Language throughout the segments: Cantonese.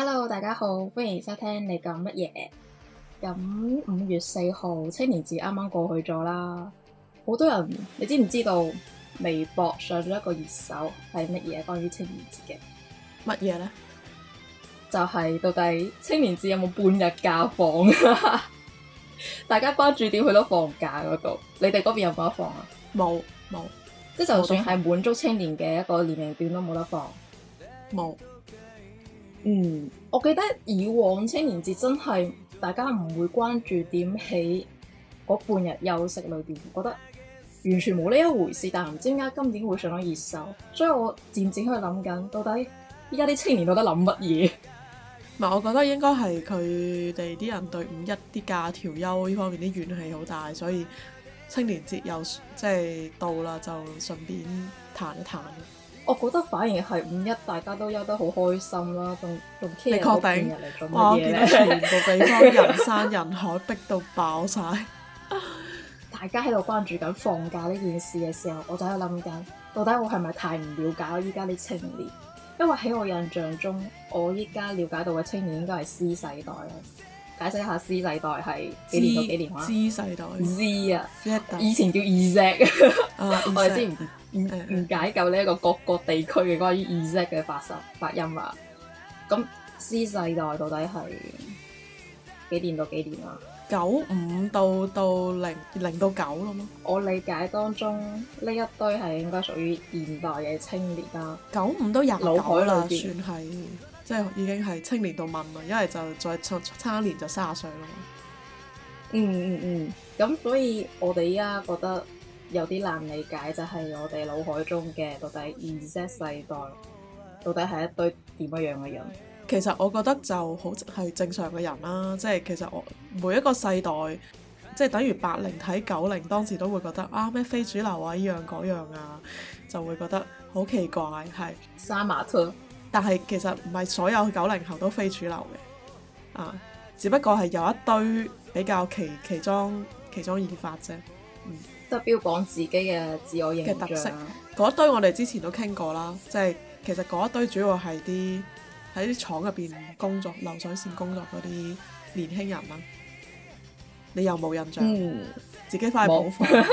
Hello，大家好，歡迎收聽你講乜嘢？咁五月四號青年節啱啱過去咗啦，好多人，你知唔知道微博上咗一個熱搜係乜嘢？關於青年節嘅乜嘢呢？就係到底青年節有冇半日假放？ 大家關注點去到放假嗰度，你哋嗰邊有冇得放啊？冇冇，即就算係滿足青年嘅一個年齡段都冇得放，冇。嗯，我記得以往青年節真係大家唔會關注點喺嗰半日休息裏邊，覺得完全冇呢一回事。但係唔知點解今年會上咗熱搜，所以我漸漸去諗緊，到底依家啲青年到底諗乜嘢？唔係、嗯，我覺得應該係佢哋啲人對五一啲假調休呢方面啲怨氣好大，所以青年節又即係到啦，就順便談一談。我覺得反而係五一大家都休得好開心啦、啊，仲仲 c 定？日嚟做嘢、哦，我見到全部地方人山人海，逼到爆晒。大家喺度關注緊放假呢件事嘅時候，我就喺度諗緊，到底我係咪太唔了解咯？依家啲青年，因為喺我印象中，我依家了解到嘅青年應該係 Z 世代啦。解釋一下 Z 世代係幾年到幾年話？Z 世代。Z 啊，以前叫 Z，我哋之前。唔唔、嗯、解救呢一個各個地區嘅關於意識嘅發聲發音啊！咁 Z 世代到底係幾年到幾年啊？九五到到零零到九咯，我理解當中呢一堆係應該屬於現代嘅青年啦、啊。九五都入廿九啦，老老算係即係已經係青年度問啦，因為就再差，差一年就卅歲啦。嗯嗯嗯，咁所以我哋而家覺得。有啲難理解，就係、是、我哋腦海中嘅到底 Z 世代到底係一堆點樣嘅人？其實我覺得就好係正常嘅人啦，即、就、係、是、其實我每一個世代，即、就、係、是、等於八零睇九零，當時都會覺得啊咩非主流啊呢樣嗰樣啊，就會覺得好奇怪，係。三馬拖，但係其實唔係所有九零後都非主流嘅，啊，只不過係有一堆比較奇奇裝奇裝異發啫，得標榜自己嘅自我形象嘅特色。嗰堆我哋之前都傾過啦，即係其實嗰一堆主要係啲喺廠入邊工作、流水線工作嗰啲年輕人啦。你有冇印象？嗯、自己翻去補課。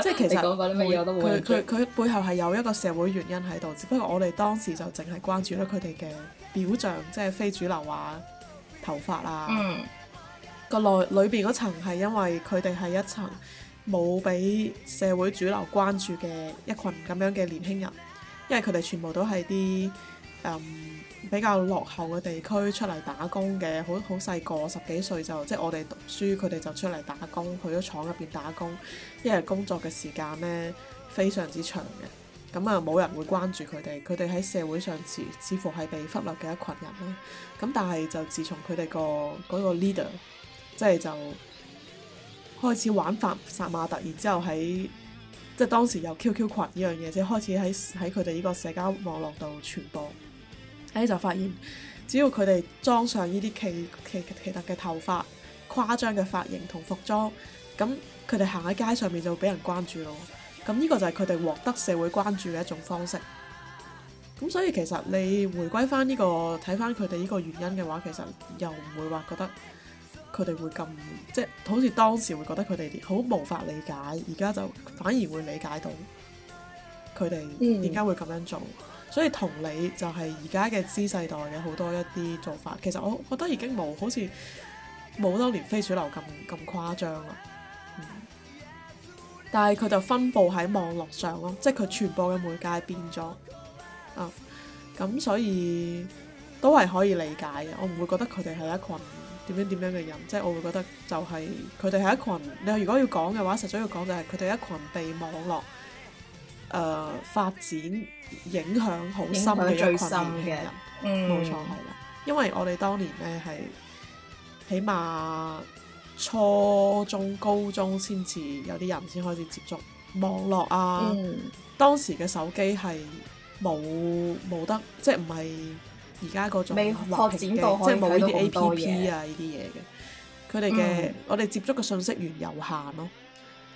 即係其實，佢佢佢背後係有一個社會原因喺度，只不過我哋當時就淨係關注咗佢哋嘅表象，即係非主流話頭髮啊。嗯個內裏邊嗰層係因為佢哋係一層冇俾社會主流關注嘅一群咁樣嘅年輕人，因為佢哋全部都係啲誒比較落後嘅地區出嚟打工嘅，好好細個十幾歲就即係、就是、我哋讀書，佢哋就出嚟打工，去咗廠入邊打工。一日工作嘅時間咧非常之長嘅，咁啊冇人會關注佢哋，佢哋喺社會上邊似乎係被忽略嘅一群人啦。咁但係就自從佢哋個嗰個 leader。即係就開始玩法殺馬特，然之後喺，即係當時有 QQ 群呢樣嘢，即係開始喺喺佢哋呢個社交網絡度傳播，跟住就發現，只要佢哋裝上呢啲奇奇奇特嘅頭髮、誇張嘅髮型、同服裝，咁佢哋行喺街上面就會俾人關注咯。咁呢個就係佢哋獲得社會關注嘅一種方式。咁所以其實你回歸翻呢個睇翻佢哋呢個原因嘅話，其實又唔會話覺得。佢哋會咁，即係好似當時會覺得佢哋好無法理解，而家就反而會理解到佢哋點解會咁樣做。嗯、所以同理，就係而家嘅 Z 世代嘅好多一啲做法，其實我覺得已經冇好似冇當年非主流咁咁誇張啦，嗯。但係佢就分布喺網絡上咯，即係佢傳播嘅媒介變咗啊。咁所以都係可以理解嘅，我唔會覺得佢哋係一羣。點樣點樣嘅人，即係我會覺得就係佢哋係一群。你如果要講嘅話，實在要講，就係佢哋係一群被網絡誒、呃、發展影響好深嘅一羣年輕人。冇、嗯、錯係啦。因為我哋當年咧，係起碼初中、高中先至有啲人先開始接觸網絡啊。嗯、當時嘅手機係冇冇得，即係唔係。而家嗰種未拓展到，即係冇呢啲 A P P 啊，呢啲嘢嘅。佢哋嘅我哋接觸嘅信息源有限咯。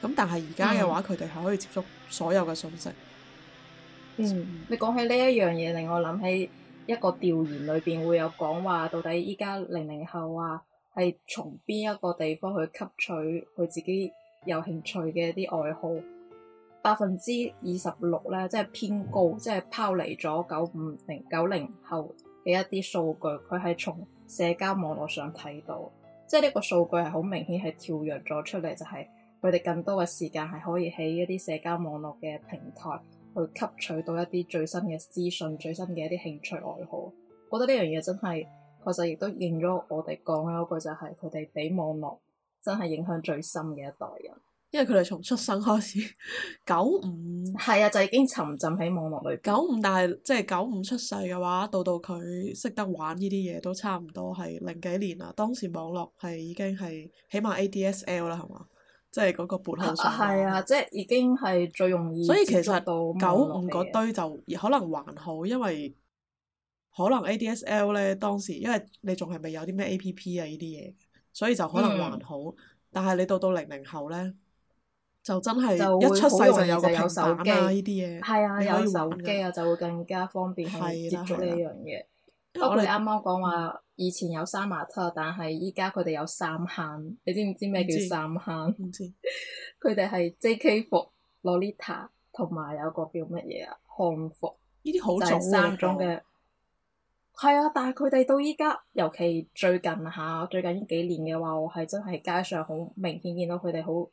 咁但係而家嘅話，佢哋係可以接觸所有嘅信息。嗯，嗯，你講起呢一樣嘢，令我諗起一個調研裏邊會有講話，到底依家零零後啊，係從邊一個地方去吸取佢自己有興趣嘅一啲愛好？百分之二十六咧，即係偏高，即係拋離咗九五零九零後嘅一啲數據，佢係從社交網絡上睇到，即係呢個數據係好明顯係跳躍咗出嚟，就係佢哋更多嘅時間係可以喺一啲社交網絡嘅平台去吸取到一啲最新嘅資訊、最新嘅一啲興趣愛好。覺得呢樣嘢真係確實亦都應咗我哋講嗰句，就係佢哋俾網絡真係影響最深嘅一代人。因為佢哋從出生開始，九五係啊，就已經沉浸喺網絡裏邊。九五，95, 但係即係九五出世嘅話，到到佢識得玩呢啲嘢，都差唔多係零幾年啦。當時網絡係已經係起碼 ADSL 啦，係嘛？即係嗰個撥號上網。係啊,啊，即係已經係最容易接觸到。所以其實到九五嗰堆就可能還好，因為可能 ADSL 咧，當時因為你仲係咪有啲咩 APP 啊呢啲嘢，所以就可能還好。嗯、但係你到到零零後咧。就真係一出世就就有手機，係啊，有手機啊，就會更加方便去接觸呢樣嘢。不過，你啱啱講話以前有三 match，但係依家佢哋有三坑，你知唔知咩叫三坑？唔知。佢哋係 JK 服、洛麗塔同埋有個叫乜嘢啊？漢服。呢啲好重三種嘅。係啊，但係佢哋到依家，尤其最近吓，最近幾年嘅話，我係真係街上好明顯見到佢哋好。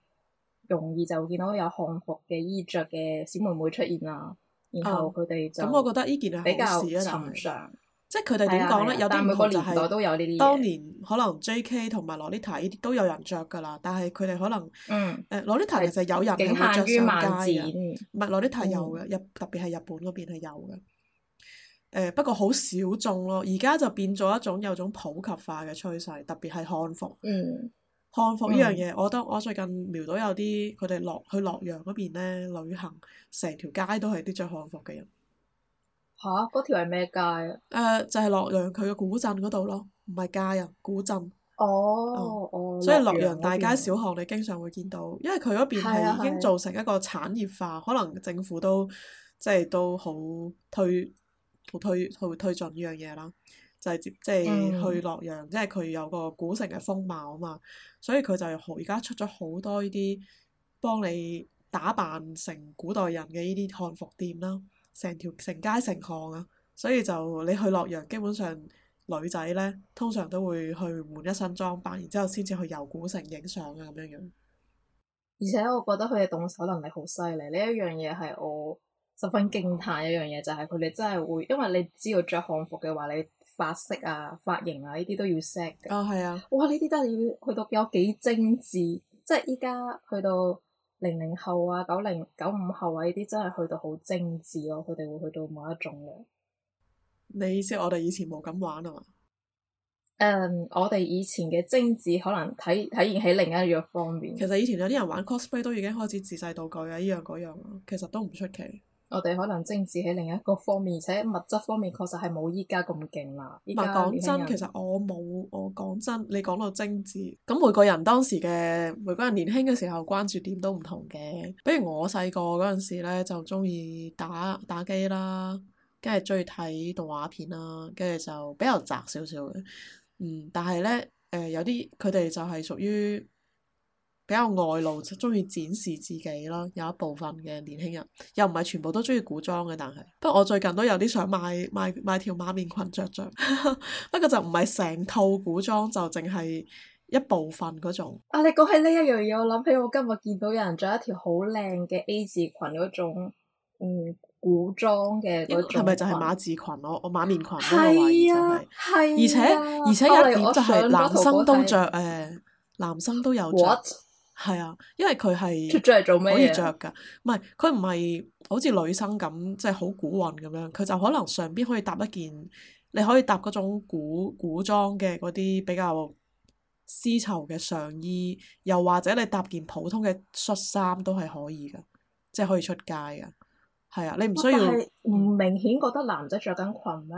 容易就見到有漢服嘅衣着嘅小妹妹出現啦，然後佢哋就、啊，咁我覺得呢件事係好事比較尋常，常，即係佢哋點講咧、就是，有啲唔就係當年可能 J.K. 同埋洛麗塔呢啲都有人着噶啦，但係佢哋可能嗯誒洛麗塔其實有人咁樣着上街啊，唔係洛麗塔有嘅日、嗯、特別係日本嗰邊係有嘅，誒、呃、不過好小眾咯，而家就變咗一種有種普及化嘅趨勢，特別係漢服嗯。漢服呢樣嘢，嗯、我覺得我最近瞄到有啲佢哋落去洛陽嗰邊咧旅行，成條街都係啲着漢服嘅人。吓，嗰條係咩街啊？誒、呃，就係、是、洛陽佢嘅古鎮嗰度咯，唔係嘉仁古鎮。哦哦。嗯、哦所以洛陽大街小巷你經常會見到，因為佢嗰邊係已經造成一個產業化，啊啊、可能政府都即係、就是、都好推、好推、好推、推進呢樣嘢啦。就係接即係去洛陽，即係佢有個古城嘅風貌啊嘛，所以佢就好而家出咗好多呢啲幫你打扮成古代人嘅呢啲漢服店啦，成條成街成巷啊，所以就你去洛陽，基本上女仔咧通常都會去換一身裝扮，然之後先至去遊古城影相啊咁樣樣。而且我覺得佢嘅動手能力好犀利，呢一樣嘢係我十分驚嘆一樣嘢，就係佢哋真係會，因為你知道着漢服嘅話，你，髮色啊、髮型啊，呢啲都要 set 嘅。哦、啊，係啊！哇，呢啲真係要去到有幾精緻，即係依家去到零零後啊、九零、九五後啊，呢啲真係去到好精緻咯，佢哋會去到某一種嘅。你意思我哋以前冇咁玩啊？誒，um, 我哋以前嘅精緻可能體體現喺另一樣方面。其實以前有啲人玩 cosplay 都已經開始自製道具啊，依樣嗰樣，其實都唔出奇。我哋可能精緻喺另一個方面，而且物質方面確實係冇依家咁勁啦。唔係講真，其實我冇我講真，你講到精緻，咁每個人當時嘅每個人年輕嘅時候關注點都唔同嘅。比如我細個嗰陣時咧，就中意打打機啦，跟住中意睇動畫片啦，跟住就比較宅少少嘅。嗯，但係咧，誒、呃、有啲佢哋就係屬於。比較外露，就中意展示自己咯。有一部分嘅年輕人，又唔係全部都中意古裝嘅，但係不過我最近都有啲想買買買條馬面裙着着， 不過就唔係成套古裝，就淨係一部分嗰種。啊！你講起呢一樣嘢，我諗起我今日見到有人着一條好靚嘅 A 字裙嗰種，嗯，古裝嘅嗰種裙。係咪就係馬字裙？我我馬面裙，就係。係啊，係、啊。而且而且有一點就係男生都着，誒，男生都有着。係啊，因為佢係出咗嚟做咩？可以着噶，唔係佢唔係好似女生咁，即係好古韻咁樣，佢就可能上邊可以搭一件，你可以搭嗰種古古裝嘅嗰啲比較絲綢嘅上衣，又或者你搭件普通嘅恤衫都係可以噶，即係可以出街噶，係啊，你唔需要唔明顯覺得男仔着緊裙咩？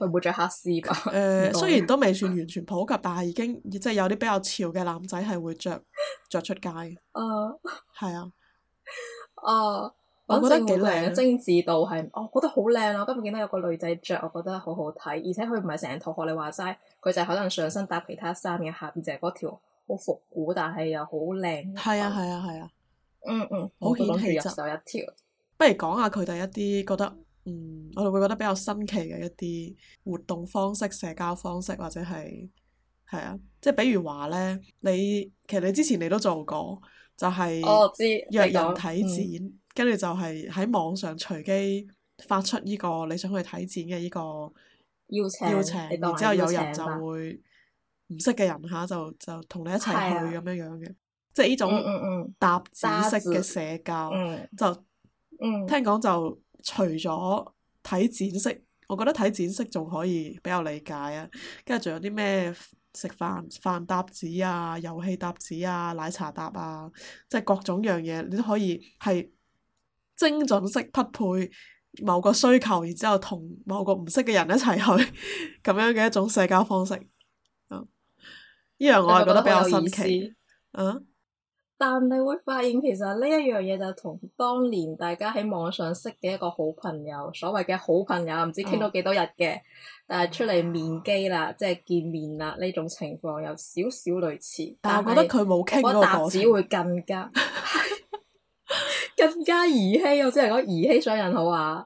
佢唔會着黑絲嘅？誒、呃， 雖然都未算完全普及， 但係已經即係有啲比較潮嘅男仔係會着著 出街。 啊，係啊 ，啊、 哦，覺得幾靚，精緻度係，我覺得好靚啊！今日見到有個女仔着，我覺得好好睇，而且佢唔係成套學你話齋，佢就係可能上身搭其他衫嘅，下邊就係嗰條好復古，但係又好靚。係啊，係啊，係啊，啊，啊，啊。嗯嗯，嗯，好有氣質。 不如講下佢哋一啲覺得。嗯，我哋會覺得比較新奇嘅一啲活動方式、社交方式或者係係啊，即係比如話咧，你其實你之前你都做過，就係、是、約人睇展，跟住、哦、就係喺網上隨機發出呢個你想去睇展嘅呢個邀請，邀請、嗯，然之情後有人就會唔識嘅人嚇、嗯嗯、就就同你一齊去咁、啊、樣樣嘅，即係呢種搭子式嘅社交，就聽講就。除咗睇展色，我覺得睇展色仲可以比較理解啊。跟住仲有啲咩食飯飯搭子啊、遊戲搭子啊、奶茶搭啊，即、就、係、是、各種樣嘢，你都可以係精準式匹配某個需求，然之後同某個唔識嘅人一齊去咁樣嘅一種社交方式。呢依樣我係覺，覺得比較新奇。啊？但你會發現，其實呢一樣嘢就同當年大家喺網上識嘅一個好朋友，所謂嘅好朋友，唔知傾到幾多日嘅，嗯、但係出嚟面基啦，即係見面啦，呢種情況有少少類似，但係我覺得佢冇傾過，我覺得達會更加 更加兒戲。我只係講兒戲上癮，好啊。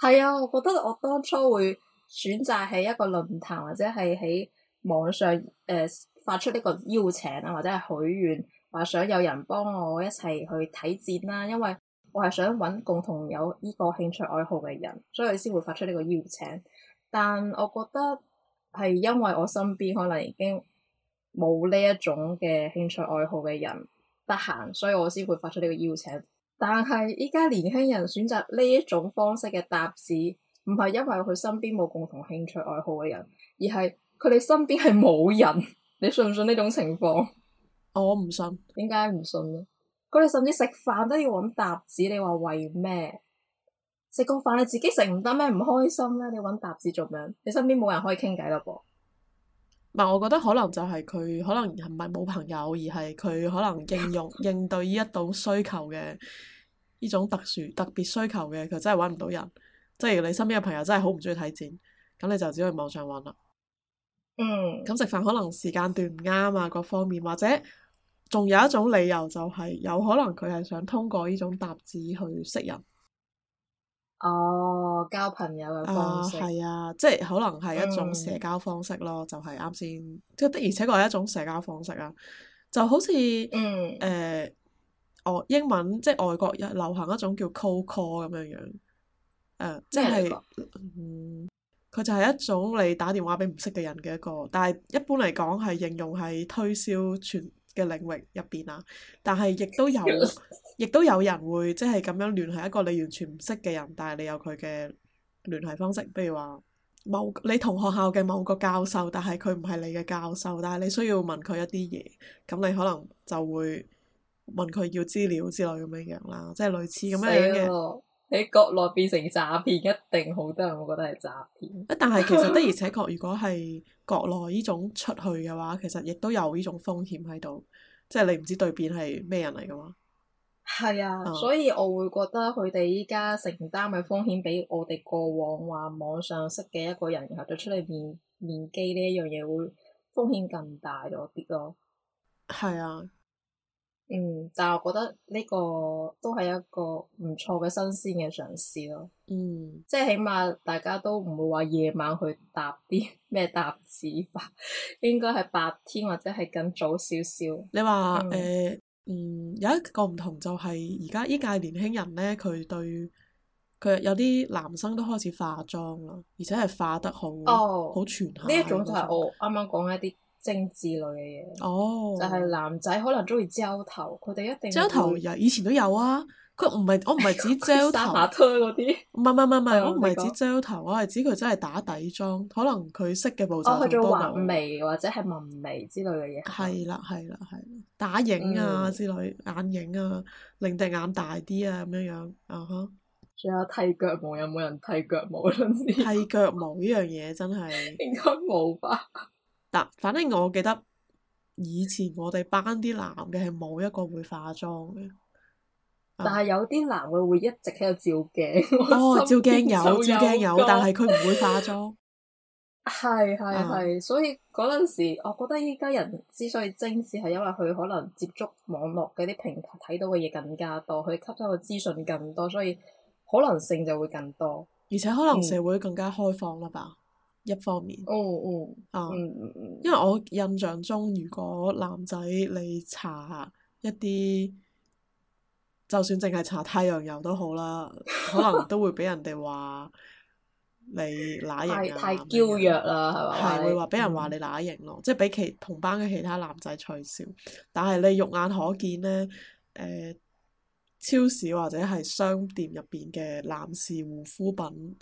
係啊，我覺得我當初會選擇喺一個論壇或者係喺網上誒、呃、發出呢個邀請啊，或者係許願。話想有人幫我一齊去睇展啦，因為我係想揾共同有呢個興趣愛好嘅人，所以先會發出呢個邀請。但我覺得係因為我身邊可能已經冇呢一種嘅興趣愛好嘅人得閒，所以我先會發出呢個邀請。但係依家年輕人選擇呢一種方式嘅搭子，唔係因為佢身邊冇共同興趣愛好嘅人，而係佢哋身邊係冇人。你信唔信呢種情況？我唔信，點解唔信咧？佢哋甚至食飯都要揾搭子，你話為咩？食個飯你自己食唔得咩？唔開心咧？你揾搭子做咩？你身邊冇人可以傾偈啦噃。唔係，我覺得可能就係佢，可能唔係冇朋友，而係佢可能應用 應對呢一種需求嘅呢種特殊特別需求嘅，佢真係揾唔到人。即係你身邊嘅朋友真係好唔中意睇展，咁你就只可以網上揾啦。嗯。咁食飯可能時間段唔啱啊，各方面或者。仲有一種理由，就係有可能佢係想通過呢種搭子去識人。哦，交朋友嘅方式係啊，啊，即係可能係一種社交方式咯。嗯、就係啱先，即係的而且確係一種社交方式啊。就好似嗯誒外、呃哦、英文，即係外國人流行一種叫 cold call call 咁樣樣。呃、即係嗯，佢就係一種你打電話俾唔識嘅人嘅一個，但係一般嚟講係應用喺推銷傳。嘅領域入邊啊，但係亦都有，亦都有人會即係咁樣聯繫一個你完全唔識嘅人，但係你有佢嘅聯繫方式，譬如話某你同學校嘅某個教授，但係佢唔係你嘅教授，但係你需要問佢一啲嘢，咁你可能就會問佢要資料之類咁樣樣啦，即係類似咁樣嘅。喺國內變成詐騙，一定好多人會覺得係詐騙。但係其實的而且確， 如果係國內呢種出去嘅話，其實亦都有呢種風險喺度，即係你唔知對面係咩人嚟噶嘛。係啊，哦、所以我會覺得佢哋依家承擔嘅風險，比我哋過往話網上識嘅一個人，然後就出嚟面面基呢一樣嘢，會風險更大咗啲咯。係啊。嗯，但係我覺得呢個都係一個唔錯嘅新鮮嘅嘗試咯。嗯，即係起碼大家都唔會話夜晚去搭啲咩搭子吧， 應該係白天或者係更早少少。你話說誒、嗯呃，嗯，有一個唔同就係而家呢屆年輕人咧，佢對佢有啲男生都開始化妝啦，而且係化得好，好全。呢一種就係我啱啱講一啲。政治類嘅嘢，哦，oh, 就係男仔可能中意焦頭，佢哋一定焦頭又以前都有啊。佢唔係我唔係指焦頭，三把推嗰啲。唔係唔係唔係，我唔係指焦頭，我係指佢 that? 真係打底妝，可能佢識嘅步驟。哦、oh, 去做畫眉或者係紋眉之類嘅嘢。係啦係啦係，打影啊之類，mm. 眼影啊，令對眼大啲啊咁樣樣啊哈。仲、uh huh. 有剃腳毛，有冇人剃腳毛啊？剃腳毛呢樣嘢真係 應該冇吧。反正我記得以前我哋班啲男嘅係冇一個會化妝嘅，但係有啲男嘅會一直喺度照鏡。 哦，照鏡有，照鏡有，有個但係佢唔會化妝。係係係，啊、所以嗰陣時，我覺得依家人之所以精致，係因為佢可能接觸網絡嘅啲平台，睇到嘅嘢，更加多，佢吸收嘅資訊更多，所以可能性就會更多。而且可能社會更加開放啦吧。嗯一方面，哦哦，啊，嗯、因為我印象中，如果男仔你搽一啲，就算淨係搽太陽油都好啦，可能都會俾人哋話你乸型 太嬌弱啦，係咪？係、啊、會話俾人話你乸型咯，是是嗯、即係俾其同班嘅其他男仔取笑。但係你肉眼可見咧，誒、呃，超市或者係商店入邊嘅男士護膚品。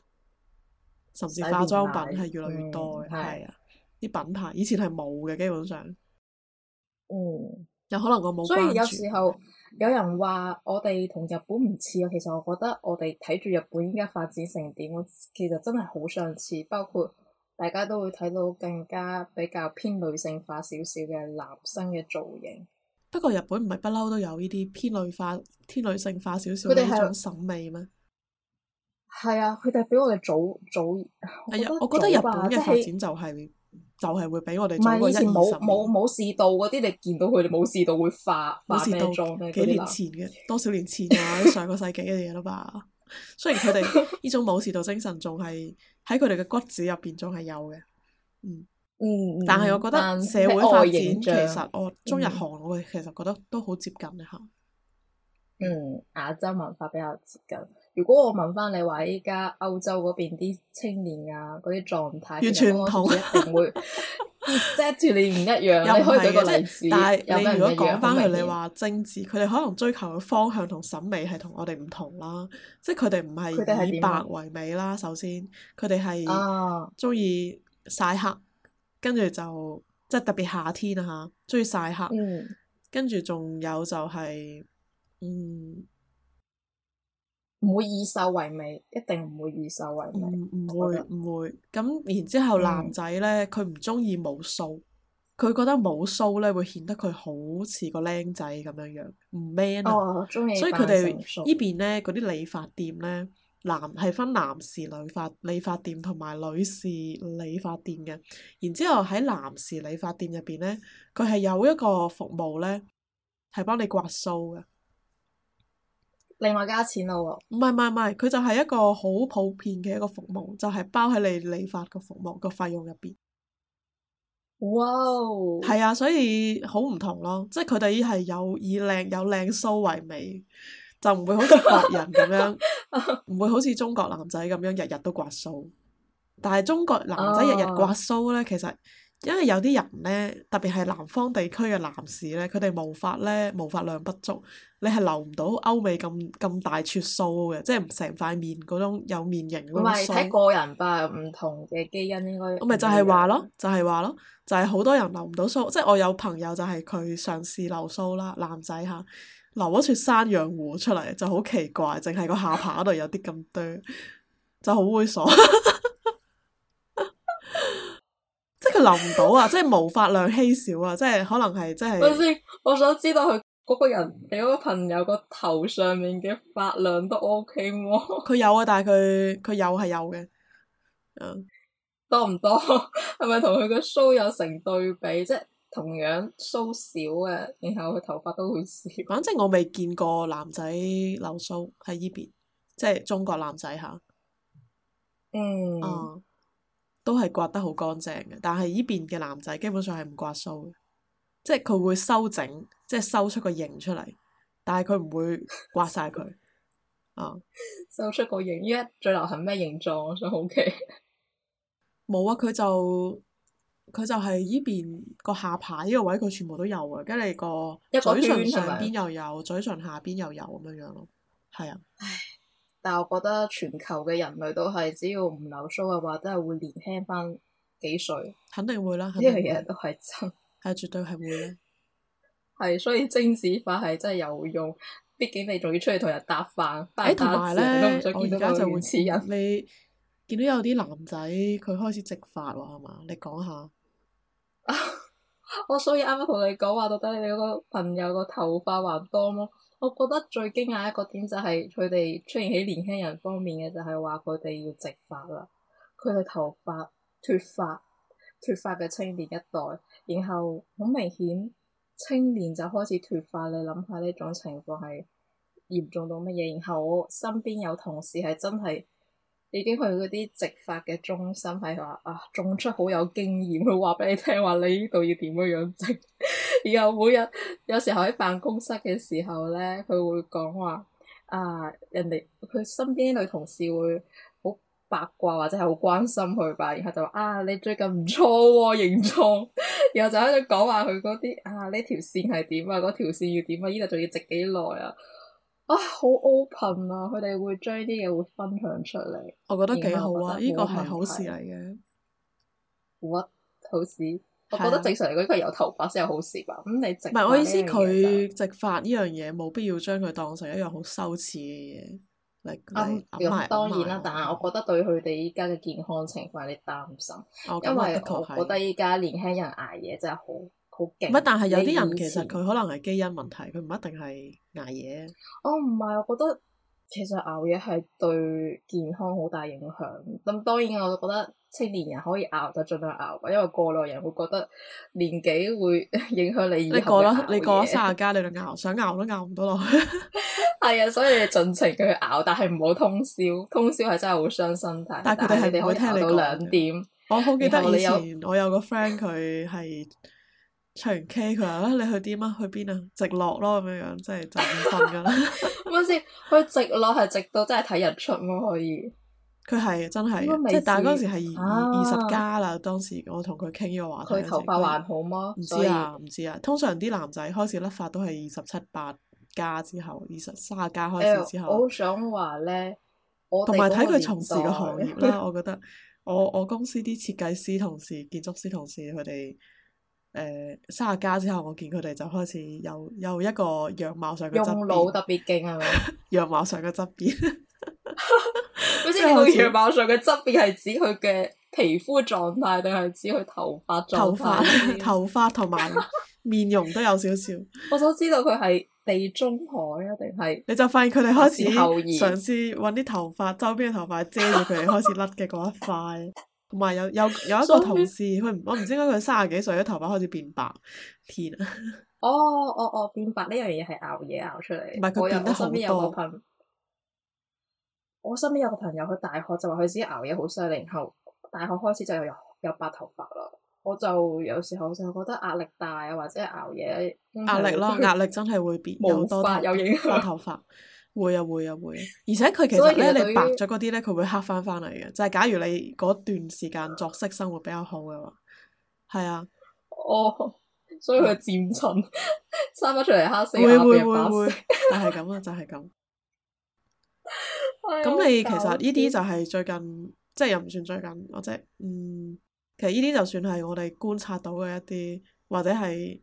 甚至化妝品係越嚟越多嘅，係啊、嗯！啲品牌以前係冇嘅，基本上，嗯，有可能我冇。所以有時候有人話我哋同日本唔似啊，其實我覺得我哋睇住日本依家發展成點，我其實真係好相似。包括大家都會睇到更加比較偏女性化少少嘅男生嘅造型。不過日本唔係不嬲都有呢啲偏女化、偏女性化少少嘅，呢種審美咩？係啊，佢哋比我哋早早。我覺得日本嘅發展就係、是、就係、是、會比我哋。唔係冇冇冇試到嗰啲，你見到佢哋冇事到會化冇事妝？道幾年前嘅些多少年前啊， 上個世紀嘅嘢啦吧。雖然佢哋呢種冇試到精神，仲係喺佢哋嘅骨子入邊仲係有嘅。嗯 嗯，但係我覺得社會發展其實，其實我中日韓我哋其實覺得都好接近嘅吓。嗯，亞、嗯、洲文化比較接近。如果我問翻你話，依家歐洲嗰邊啲青年啊，嗰啲狀態，完全唔會 reject 住你唔一樣。一你，樣 你但係你如果講翻佢，你話精緻，佢哋可能追求嘅方向同審美係同我哋唔同啦。即係佢哋唔係以白為美啦。首先，佢哋係中意曬黑，跟住、啊、就即係特別夏天啊嚇，中意曬黑。跟住仲有就係、是，嗯。唔會以瘦為美，一定唔會以瘦為美。唔唔會唔會，咁的然之後男仔呢，佢唔中意冇須，佢覺得冇須呢會顯得佢好似個僆仔咁樣樣，唔 man 啊。哦、所以佢哋呢邊呢嗰啲理髮店呢，男係分男士理髮理髮店同埋女士理髮店嘅。然之後喺男士理髮店入邊呢，佢係有一個服務呢，係幫你刮須嘅。另外加錢咯喎，唔係唔係唔係，佢就係一個好普遍嘅一個服務，就係、是、包喺你理髮嘅服務個費用入邊。哇、哦，係啊，所以好唔同咯，即係佢哋依係有以靚有靚鬚為美，就唔會好似白人咁樣，唔 會好似中國男仔咁樣日日都刮鬚。但係中國男仔日日刮鬚咧，啊、其實。因為有啲人咧，特別係南方地區嘅男士咧，佢哋毛髮咧，毛髮量不足，你係留唔到歐美咁咁大撮鬚嘅，即係成塊面嗰種有面型的的。唔係睇個人吧，唔、嗯、同嘅基因應該因。咁咪就係話咯，就係、是、話咯，就係、是、好多人留唔到鬚，即係我有朋友就係佢嘗試留鬚啦，男仔吓，留咗撮山羊鬍出嚟就好奇怪，淨係個下巴度有啲咁多，就好猥瑣。 佢 留唔到啊！即係毛髮量稀少啊！即係可能係，即係。我想知道佢嗰個人，你嗰 個朋友個頭上面嘅髮量都 OK 麼？佢有啊，但係佢佢有係有嘅，嗯、多唔多？係咪同佢個鬚有成對比？即係同樣鬚少啊，然後佢頭髮都會少。反正我未見過男仔留鬚喺呢邊，即係中國男仔吓。啊、嗯。Uh. 都係刮得好乾淨嘅，但係呢邊嘅男仔基本上係唔刮鬚嘅，即係佢會修整，即係修出個型出嚟，但係佢唔會刮晒佢 啊，修出個型。依家最流行咩形狀？我想好奇。冇啊，佢就佢就係呢邊個下巴呢個位，佢全部都有啊，跟住你個嘴唇上邊又有，有，有，嘴唇下邊又有咁樣樣咯，係啊。但係我覺得全球嘅人類都係只要唔留鬚嘅話，都係會年輕翻幾歲。肯定會啦，呢樣嘢，都係增，係絕對係會咧。係 所以，精子化係真係有用。畢竟你仲要出去同人搭飯，誒，同埋咧，我而家就換似人。你見到有啲男仔佢開始直髮喎，係嘛？你講下。 我所以啱啱同你講話，到底你個朋友個頭髮還多咩。我覺得最驚訝一個點就係佢哋出現喺年輕人方面嘅，就係話佢哋要植髮啦。佢哋頭髮脫髮、脫髮嘅青年一代，然後好明顯青年就開始脫髮。你諗下呢種情況係嚴重到乜嘢？然後我身邊有同事係真係已經去嗰啲植髮嘅中心，係話啊種出好有經驗咯，話畀你聽話你呢度要點樣樣整。然後每日有時候喺辦公室嘅時候咧，佢會講話啊，人哋佢身邊啲女同事會好八卦或者係好關心佢吧。然後就話啊，你最近唔錯認錯， 然後就喺度講話佢嗰啲啊，呢條綫係點啊，嗰條，條綫要點啊，依度仲要值幾耐啊，啊好 open 啊，佢哋會將啲嘢會分享出嚟。我覺得幾好啊，呢個係好，好事嚟嘅 what 好事。我覺得正常嚟講，佢有頭髮先係好事吧。咁你植是，唔係我意思，佢植髮呢樣嘢冇必要將佢當成一樣好羞恥嘅嘢。啊、嗯，咁當然啦，但係我覺得對佢哋依家嘅健康情況，有啲擔心，哦、因為我覺得依家年輕人捱夜真係好好勁。唔係，但係有啲人其實佢可能係基因問題，佢唔一定係捱夜。我唔係，我覺得。其實熬夜係對健康好大影響，咁當然我就覺得青年人可以熬就盡量熬，因為過來人會覺得年紀會影響你，以後你。你過啦，你過咗卅加，你就熬，想熬都熬唔到落去。係 啊，所以盡情去熬，但係唔好通宵，通宵係真係好傷身體。但係佢哋係唔會聽你熬你到兩點。我好記得我有我有個 friend 佢係。 唱完 K 佢話咧，你去啲乜？去邊啊？直落咯，咁樣樣，即係就咁瞓噶啦。嗰陣時佢直落係直到真係睇日出咯，可以。佢係真係，是但係嗰陣時係二二十加啦。當時我同佢傾呢個話題嘅時候，佢頭髮還好嗎？唔知啊，唔以以知啊。通常啲男仔開始甩髮都係二十七八加之後，二十三加開始之後。哎、我好想話咧，同埋睇佢從事嘅行業啦， 我覺得我我公司啲設計師同事、建築師同事佢哋。誒三啊加之後，我見佢哋就開始有有一個樣貌上嘅質變。用腦特別勁係咪？ 樣貌上嘅質變。即係樣貌上嘅質變係指佢嘅皮膚狀態，定係指佢頭髮狀態？頭髮、頭髮同埋面容都有少少。我想知道佢係地中海啊，定係你就發現佢哋開始後移，嘗試揾啲頭髮周邊嘅頭髮遮住佢哋開始甩嘅嗰一塊。 同埋有有有一個同事，佢 我唔知點解佢三十幾歲，啲頭髮開始變白，天啊！哦哦哦，變白呢樣嘢係熬夜熬出嚟。唔係佢變得好多我。我身邊有個朋友，佢大學就話佢自己熬夜好犀利，然後大學開始就又有，有白頭髮啦。我就有時候就覺得壓力大啊，或者熬夜壓、嗯、力咯，壓力真係會變多髮。白頭髮。 會啊會啊會，而且佢其實咧，實你白咗嗰啲咧，佢會黑翻翻嚟嘅。就係假如你嗰段時間作息生活比較好嘅話，係啊，哦，oh, 所以佢就漸層生翻出嚟黑死。會會會會，亞嘅白色，但係咁啊，就係、是、咁。咁你其實呢啲就係最近，即係又唔算最近，或者、就是、嗯，其實呢啲就算係我哋觀察到嘅一啲，或者係。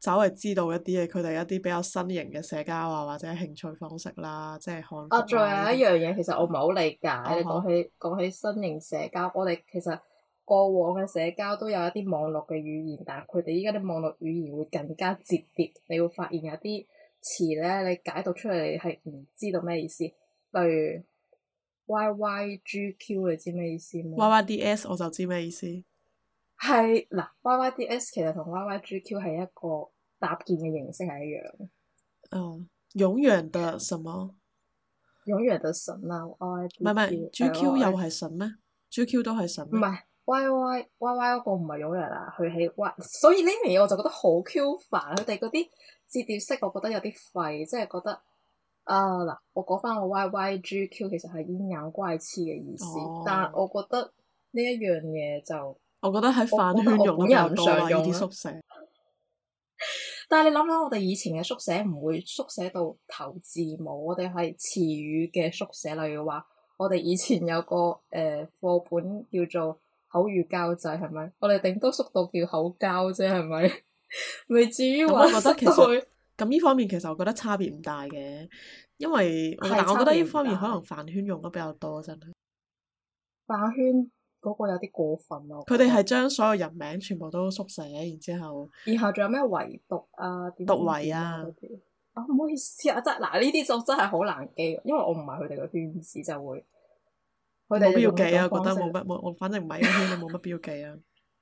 稍微知道一啲嘅，佢哋一啲比較新型嘅社交啊，或者興趣方式啦、啊，即係可能。啊，仲、啊、有一樣嘢，其實我唔係好理解。講、嗯、起講起新型社交，我哋其實過往嘅社交都有一啲網絡嘅語言，但係佢哋依家啲網絡語言會更加折疊。你會發現有啲詞咧，你解讀出嚟係唔知道咩意思。例如 Y Y G Q，你知咩意思？Y Y D S，我就知咩意思。係嗱，Y Y D S 其實同 Y Y G Q 係一個搭建嘅形式係一樣。哦，oh, 永遠的什麼？永遠的神啦、啊、，Y 唔係唔係 G Q 又係神咩、啊、？G Q 都係神。唔係 Y Y Y Y 嗰個唔係永遠啊，佢係 Y。所以呢樣嘢我就覺得好 Q 煩，佢哋嗰啲字調式，我覺得有啲廢，即、就、係、是、覺得啊嗱、呃，我講翻個 Y Y G Q 其實係陰陽怪氣嘅意思，oh. 但係我覺得呢一樣嘢就。我覺得喺飯圈用得多有啲縮寫。 但係你諗諗，我哋以前嘅縮寫唔會縮寫到頭字母。我哋係詞語嘅縮寫。例如話，我哋以前有個誒、呃、課本叫做口語交際，係咪？我哋頂多縮到叫口交啫，係咪？未 至於我覺得其實。咁呢對方面其實我覺得差別唔大嘅，因為是但我覺得呢方面可能飯圈用得比較多，真係。飯圈。嗰個有啲過分啊！佢哋係將所有人名全部都縮寫，然之後，然後仲有咩圍讀啊、讀圍啊啊！唔好意思啊，真嗱，呢啲就真係好難記，因為我唔係佢哋嘅圈子，就會佢哋冇必要記啊！覺得冇乜冇我，反正唔係嘅圈，冇乜必要記啊！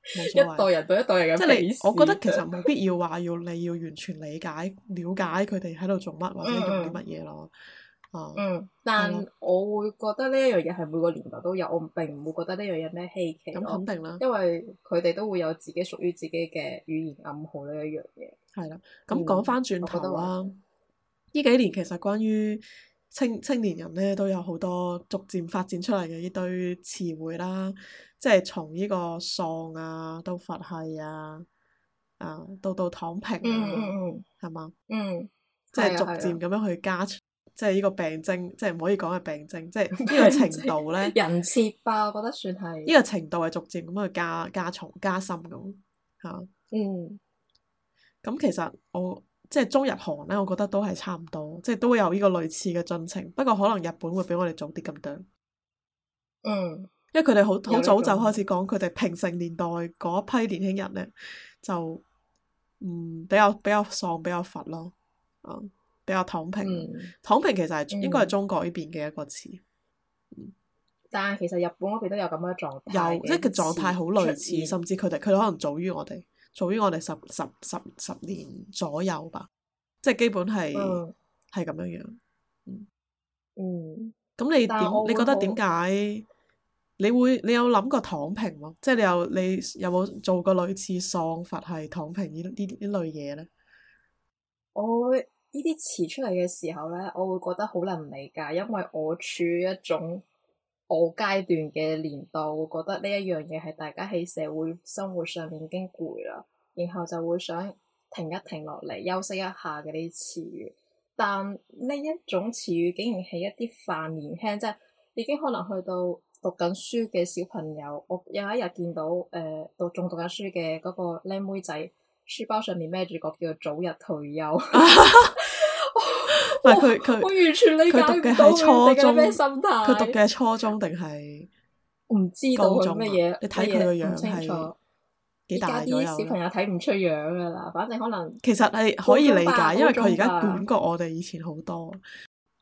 冇所謂， 一代人對一代人嘅，即係我覺得其實冇必要話要你要完全理解、了解佢哋喺度做乜或者做啲乜嘢咯。嗯嗯嗯嗯哦，嗯，但我會覺得呢一樣嘢係每個年代都有，我並唔會覺得呢樣嘢咩稀奇。咁肯定啦，因為佢哋都會有自己屬於自己嘅語言暗號呢一、 嗯、樣嘢。係啦，咁講翻轉頭啦，呢幾年其實關於青青年人咧都有好多逐漸發展出嚟嘅呢堆詞彙啦，即係從呢個喪啊到佛系啊，啊到到躺平，啊，嗯嗯係嘛，嗯，即係吧、嗯、逐漸咁樣去加。即係呢個病症，即係唔可以講係病症，即係呢個程度咧。人設吧，我覺得算係。呢個程度係逐漸咁去加加重加深咁吓。啊、嗯。咁其實我即係中日韓咧，我覺得都係差唔多，即係都會有呢個類似嘅進程。不過可能日本會比我哋早啲咁多。嗯。因為佢哋好好早就開始講，佢哋平成年代嗰批年輕人咧，就嗯比較比較喪，比較佛咯，啊。比較躺平，躺、嗯、平其實係應該係中國呢邊嘅一個詞，嗯。嗯、但係其實日本我哋都有咁樣狀態，有，即係個狀態好類似，現甚至佢哋佢可能早於我哋，早於我哋十十十十年左右吧。即係基本係係咁樣樣。嗯，咁、嗯、你點你覺得點解你會你有諗過躺平咯？即、就、係、是、你有，你有冇做過類似喪佛系躺平呢呢呢類嘢咧？我。呢啲詞出嚟嘅時候咧，我會覺得好難理解，因為我處於一種我階段嘅年度。我覺得呢一樣嘢係大家喺社會生活上面已經攰啦，然後就會想停一停落嚟休息一下嘅呢啲詞語。但呢一種詞語竟然係一啲泛年輕，即係已經可能去到讀緊書嘅小朋友。我有一日見到誒、呃、讀中讀緊書嘅嗰個僆妹仔，書包上面孭住、嗰個叫做早日退休。 唔係佢、佢，佢讀嘅係初中，佢讀嘅初中定係唔知道乜嘢？你睇佢個樣係幾大咗？有小朋友睇唔出樣噶啦，反正可能其實係可以理解，因為佢而家捲過我哋以前好多。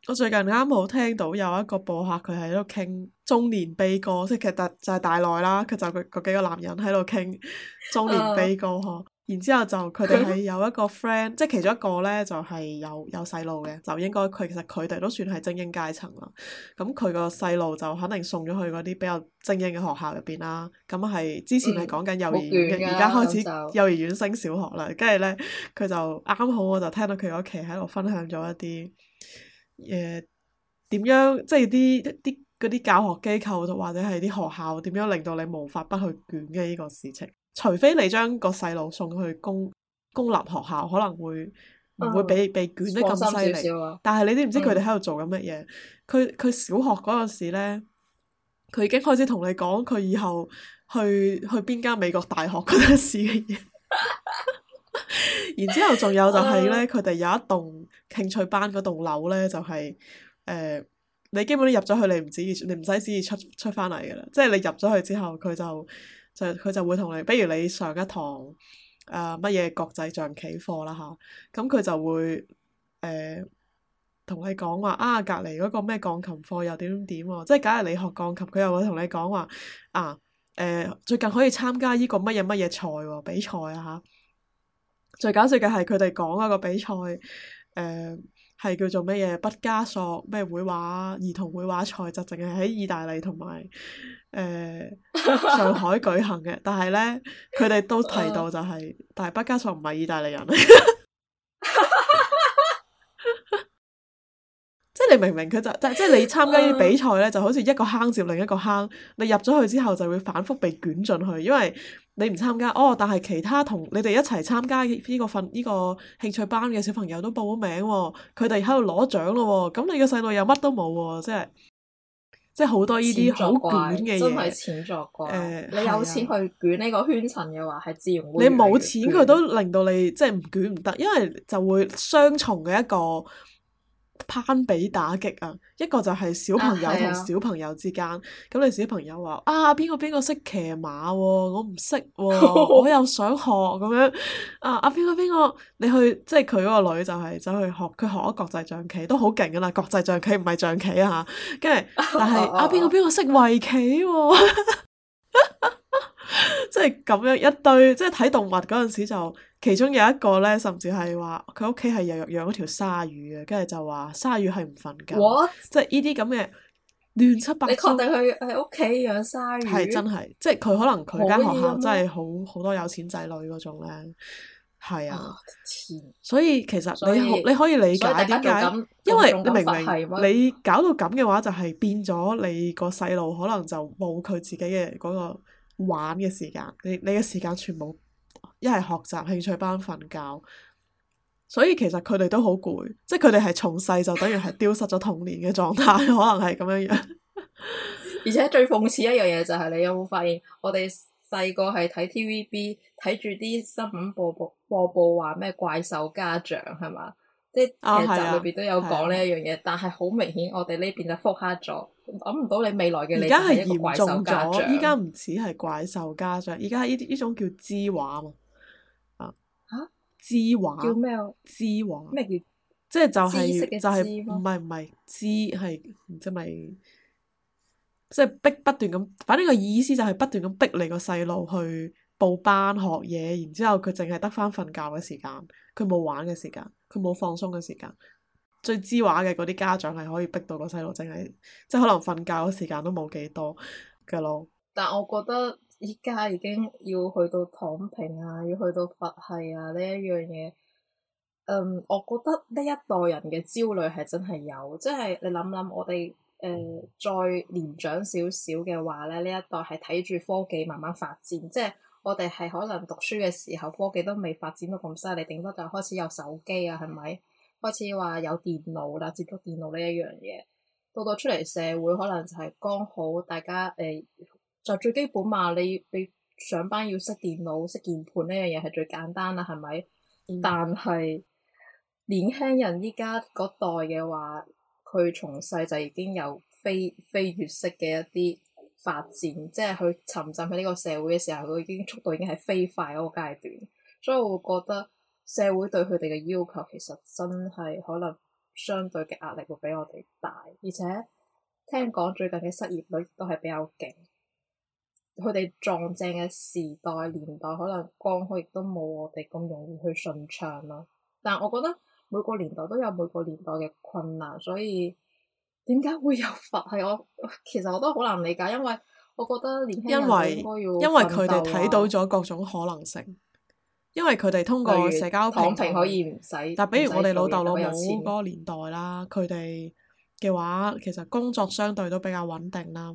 我最近啱好聽到有一個播客，佢喺度傾中年悲歌，即係其實就係大內啦。佢就佢嗰幾個男人喺度傾中年悲歌呵。啊。然之後就佢哋係有一個 friend， 即係其中一個咧就係、是、有有細路嘅，就應該佢其實佢哋都算係精英階層啦。咁佢個細路就肯定送咗去嗰啲比較精英嘅學校入邊啦。咁係之前係講緊幼兒園，而家、嗯啊、開始幼兒園升小學啦。跟住咧佢就啱好我就聽到佢嗰期喺度分享咗一啲誒點樣，即係啲啲嗰啲教學機構或者係啲學校點樣令到你無法不去卷嘅呢個事情。除非你將個細路送去公公立學校，可能會唔會俾俾卷得咁犀利？點點，但係你知唔知佢哋喺度做緊乜嘢？佢佢、嗯、小學嗰陣時咧，佢已經開始同你講佢以後去去邊間美國大學嗰陣時嘅嘢。 然之後仲有就係咧，佢哋、嗯、有一棟興趣班嗰棟樓咧，就係、是、誒、呃，你基本都入咗去，你唔止你唔使旨意出出翻嚟嘅啦，即係你入咗去之後，佢就。就佢就會同你，不如你上一堂啊乜嘢國際象棋課啦嚇，咁、啊、佢就會誒同、呃、你講話啊隔籬嗰個咩鋼琴課又點點點喎，即係假如你學鋼琴，佢又會同你講話啊誒、啊、最近可以參加呢個乜嘢乜嘢賽喎、啊、比賽啊嚇、啊，最搞笑嘅係佢哋講嗰個比賽誒。啊係叫做乜嘢？畢加索咩繪畫，兒童繪畫賽就淨係喺意大利同埋誒上海舉行嘅。但係咧，佢哋都提到就係、是，但係畢加索唔係意大利人。 明明？佢就即係你參加呢啲比賽咧，就，是、就好似一個坑接另一個坑。你入咗去之後，就會反复被捲進去。因為你唔參加哦，但係其他同你哋一齊參加呢個訓呢、呢個興趣班嘅小朋友都報咗名，佢哋喺度攞獎咯。咁你個細路又乜都冇，即係即係好多呢啲好捲嘅嘢。係錢作怪。真係錢作怪呃、你有錢去捲呢個圈層嘅話，係自然會。你冇錢你，佢都令到你即係唔捲唔得，因為就會雙重嘅一個。攀比打擊啊！一個就係小朋友同小朋友之間，咁、啊、你小朋友話啊，邊個邊個識騎馬喎？我唔識喎，我又想學咁樣、 啊就係。啊，阿邊、 啊、個邊個你去即係佢嗰個女就係走去學，佢學咗國際象棋都好勁噶啦。國際象棋唔係象棋啊，跟住，但係阿邊個邊個識圍棋喎？ 即係咁樣一堆，即係睇動物嗰陣時就，其中有一個咧，甚至係話佢屋企係又養咗條鯊魚嘅。跟住就話鯊魚係唔瞓覺，What? 即係呢啲咁嘅亂七八糟。你確定佢喺屋企養鯊魚？係真係，即係佢可能佢間、啊、學校真係好好多有錢仔女嗰種咧，係啊。啊啊所以其實你以你可以理解點解？因為你明唔明，明？嗎你搞到咁嘅話，就係、是、變咗你個細路可能就冇佢自己嘅嗰、那個。玩嘅時間，你你嘅時間全部一係學習興趣班、瞓覺，所以其實佢哋都好攰，即係佢哋係從細就等於係丟失咗童年嘅狀態， 可能係咁樣樣。而且最諷刺一樣嘢就係，你有冇發現，我哋細個係睇 TVB，睇住啲新聞播播播報話咩怪獸家長係嘛？即係劇集裏邊都有講呢一樣嘢，啊、但係好明顯我哋呢邊就復刻咗，諗唔到你未來嘅你係一個怪獸家長。依家唔止係怪獸家長，依家依呢種叫雞娃嘛。啊？吓、啊？雞娃話叫咩？雞娃咩叫？即係就係、是、就係唔係唔係知，係，唔知咪？即係逼不斷咁，反正個意思就係不斷咁逼你個細路去報班學嘢，然之後佢淨係得返瞓覺嘅時間，佢冇玩嘅時間。佢冇放鬆嘅時間，最知話嘅嗰啲家長係可以逼到個細路，真係即係可能瞓覺嘅時間都冇幾多嘅咯。但係我覺得依家已經要去到躺平啊，要去到佛系啊呢一樣嘢。嗯，我覺得呢一代人嘅焦慮係真係有，即係你諗諗，我哋誒再年長少少嘅話咧，呢一代係睇住科技慢慢發展，即係。我哋係可能讀書嘅時候，科技都未發展到咁犀利，頂多就開始有手機啊，係咪？開始話有電腦啦，接觸電腦呢一樣嘢。到到出嚟社會，可能就係剛好大家誒、呃、就最基本嘛。你你上班要識電腦、識鍵盤呢樣嘢係最簡單啦，係咪？嗯、但係年輕人依家嗰代嘅話，佢從細就已經有飛飛躍式嘅一啲，發展即係去沉浸喺呢個社會嘅時候，佢已經速度已經係飛快嗰個階段，所以我會覺得社會對佢哋嘅要求其實真係可能相對嘅壓力會比我哋大，而且聽講最近嘅失業率都係比較勁。佢哋撞正嘅時代年代可能剛開亦都冇我哋咁容易去順暢咯。但係我覺得每個年代都有每個年代嘅困難，所以。點解會有佛係，我其實我都好難理解，因為我覺得年輕人應該要因為佢哋睇到咗各種可能性，因為佢哋通過社交平,如平,平可以唔使。但比如我哋老豆老母嗰個年代啦，佢哋嘅話其實工作相對都比較穩定啦，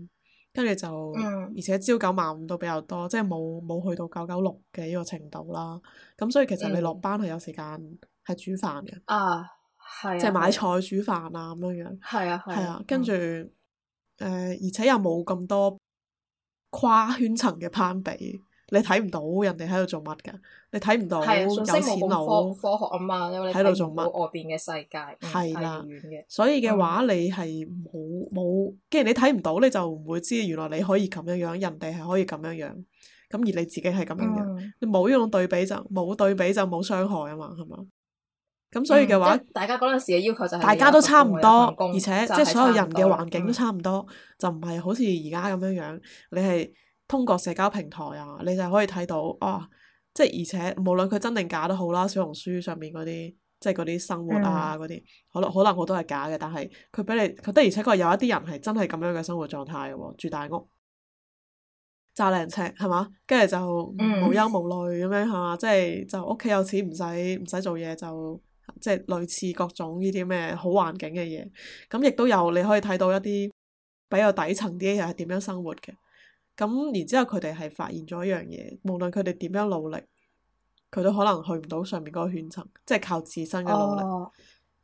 跟住就、嗯、而且朝九晚五都比較多，即係冇冇去到九九六嘅呢個程度啦。咁所以其實你落班係有時間係煮飯嘅、嗯。啊。即係買菜煮飯啊咁樣樣，係啊係啊，跟住誒、呃，而且又冇咁多跨圈層嘅攀比，你睇唔到人哋喺度做乜噶，你睇唔到有冇錢佬、啊、科，科學啊嘛，喺度做乜，外邊嘅世界係啦遠嘅、啊、所以嘅話你係冇冇，既然你睇唔到，你就唔會知原來你可以咁樣樣，人哋係可以咁樣樣，咁而你自己係咁樣樣，嗯、你冇呢種對比就冇對比就冇傷害啊嘛，係嘛？咁所以嘅話，嗯、大家嗰陣時嘅要求就係大家都差唔多，而且即係所有人嘅環境都差唔多，嗯、就唔係好似而家咁樣樣。你係通過社交平台啊，你就可以睇到啊，即係而且無論佢真定假都好啦。小紅書上面嗰啲，即係嗰啲生活啊嗰啲、嗯，可能可能好多係假嘅，但係佢俾你佢的而且確有一啲人係真係咁樣嘅生活狀態嘅喎，住大屋，揸靚車係嘛，跟住就、嗯、無憂無慮咁樣係嘛，即係就屋、是、企有錢唔使唔使做嘢就。即係類似各種呢啲咩好環境嘅嘢，咁亦都有你可以睇到一啲比較底層啲人係點樣生活嘅。咁然之後佢哋係發現咗一樣嘢，無論佢哋點樣努力，佢都可能去唔到上面嗰個圈層，即係靠自身嘅努力。oh.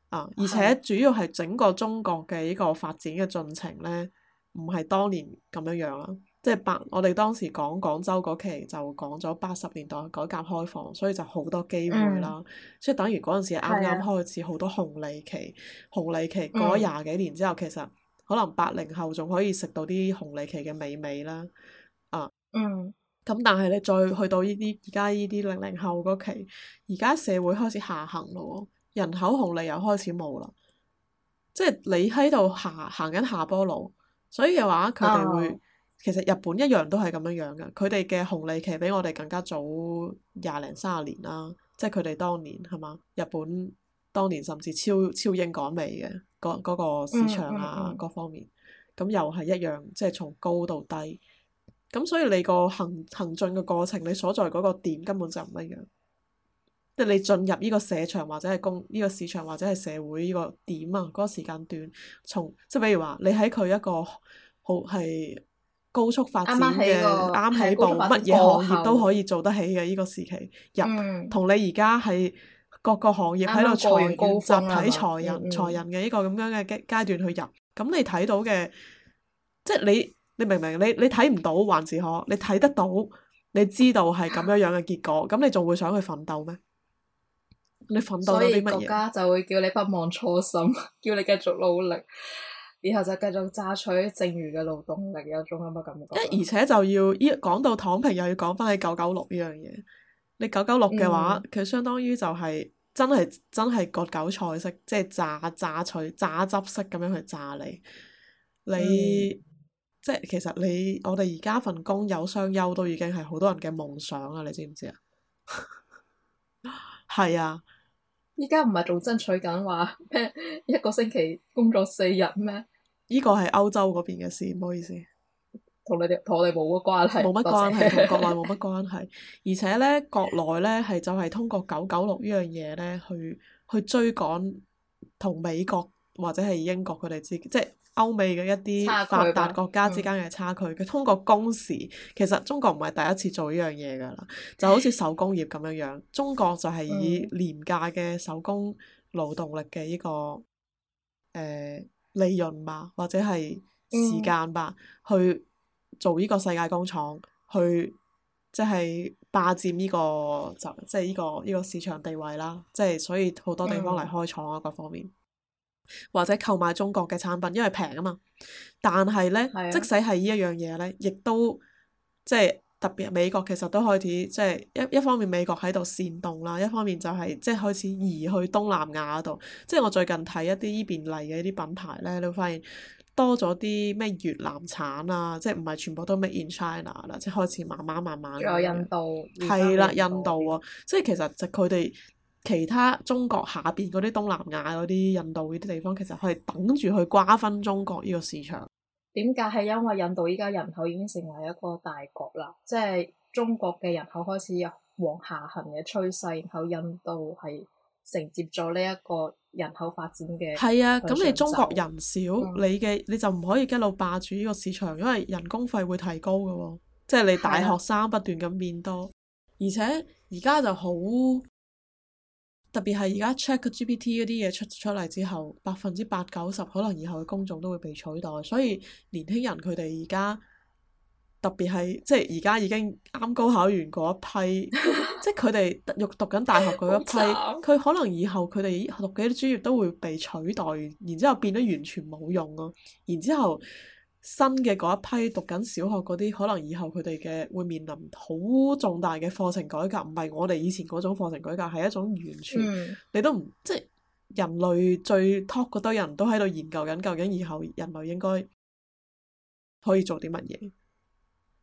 啊。而且主要係整個中國嘅呢個發展嘅進程呢，唔係當年咁樣樣啦。即係八，我哋當時講廣州嗰期就講咗八十年代改革開放，所以就好多機會啦。即係、嗯、等於嗰陣時啱啱開始好多紅利期，的紅利期過咗廿幾年之後，嗯、其實可能八零後仲可以食到啲紅利期嘅美味啦。啊，嗯，咁但係你再去到呢啲而家呢啲零零後嗰期，而家社會開始下行咯，人口紅利又開始冇啦。即係你喺度行行緊下坡路，所以嘅話佢哋會、哦。其實日本一樣都係咁樣樣嘅，佢哋嘅紅利期比我哋更加早廿零三十年啦，即係佢哋當年係嘛？日本當年甚至超超英趕美嘅嗰嗰個市場啊，各、嗯嗯、方面咁又係一樣，即係從高到低。咁所以你個行行進嘅過程，你所在嗰個點根本就唔一樣，即係你進入呢個社場或者係工呢個市場或者係社會呢個點啊，嗰個時間段，從即係比如話你喺佢一個好係，高速發展嘅啱起步，乜嘢行業都可以做得起嘅呢、呢個時期入，同、嗯、你而家係各個行業喺度裁員集體裁人裁、嗯、人嘅呢個咁樣嘅階段去入，咁、嗯、你睇到嘅，即係你你明唔明？你你睇唔到還是可？你睇得到，你知道係咁樣樣嘅結果，咁、啊、你仲會想去奮鬥咩？你奮鬥到啲乜嘢？所以國家就會叫你不忘初心，叫你繼續努力。然後就繼續榨取剩餘嘅勞動力，有種咁嘅感覺。一而且就要依講到躺平，又要講翻起九九六呢樣嘢。你九九六嘅話，佢、嗯、相當於就係、是、真係真係割韭菜式，即係榨榨取榨汁式咁樣去榨你。你、嗯、即係其實你我哋而家份工有雙休都已經係好多人嘅夢想啦，你知唔知 啊？係啊，依家唔係仲爭取緊話咩？一個星期工作四日咩？呢個係歐洲嗰邊嘅事，唔好意思，同你哋同我哋冇乜關係，冇乜關係，同謝謝 國內冇乜關係。 而且咧，國內咧係就係、是、通過九九六呢樣嘢，咧去去追趕同美國或者係英國佢哋之即係歐美嘅一啲發達國家之間嘅差距。佢、嗯、通過工時，其實中國唔係第一次做呢樣嘢噶啦，就好似手工業咁樣樣。中國就係以廉價嘅手工勞動力嘅呢、這個誒。嗯利潤吧，或者係時間吧，嗯、去做呢個世界工廠，去即係霸佔呢、呢個就即係依個依、呢個市場地位啦，即、就、係、是、所以好多地方嚟開廠啊，嗯、各方面或者購買中國嘅產品，因為平啊嘛，但係呢，的即使係依一樣嘢呢，亦都即係。就是特別美國其實都開始即係、就是、一一方面美國喺度煽動啦，一方面就係即係開始移去東南亞度。即、就、係、是、我最近睇一啲依邊嚟嘅一啲品牌咧，你會發現多咗啲咩越南產啊，即係唔係全部都 made in China 啦，即、就、係、是、開始慢慢慢慢。有印度。係啦了，印度喎、啊，即以其實就佢哋其他中國下邊嗰啲東南亞嗰啲印度嗰啲地方，其實係等住去瓜分中國呢個市場。點解？係因為印度依家人口已經成為一個大國啦，即係中國嘅人口開始有往下行嘅趨勢，然後印度係承接咗呢一個人口發展嘅。係啊，咁你中國人少，嗯、你嘅你就唔可以一路霸住呢個市場，因為人工費會提高㗎喎，即係你大學生不斷咁變多，嗯、而且而家就好。特別係而家 check 個 GPT 嗰啲嘢出出嚟之後，百分之八九十可能以後嘅工種都會被取代，所以年輕人佢哋而家特別係即係而家已經啱高考完嗰一批， 即係佢哋讀讀緊大學嗰一批，佢 可能以後佢哋讀嘅啲專業都會被取代，然之後變得完全冇用咯，然之後。新嘅嗰一批讀緊小學嗰啲，可能以後佢哋嘅會面臨好重大嘅課程改革，唔係我哋以前嗰種課程改革，係一種完全、嗯、你都唔即係人類最 top 嗰堆人都喺度研究緊，究竟以後人類應該可以做啲乜嘢？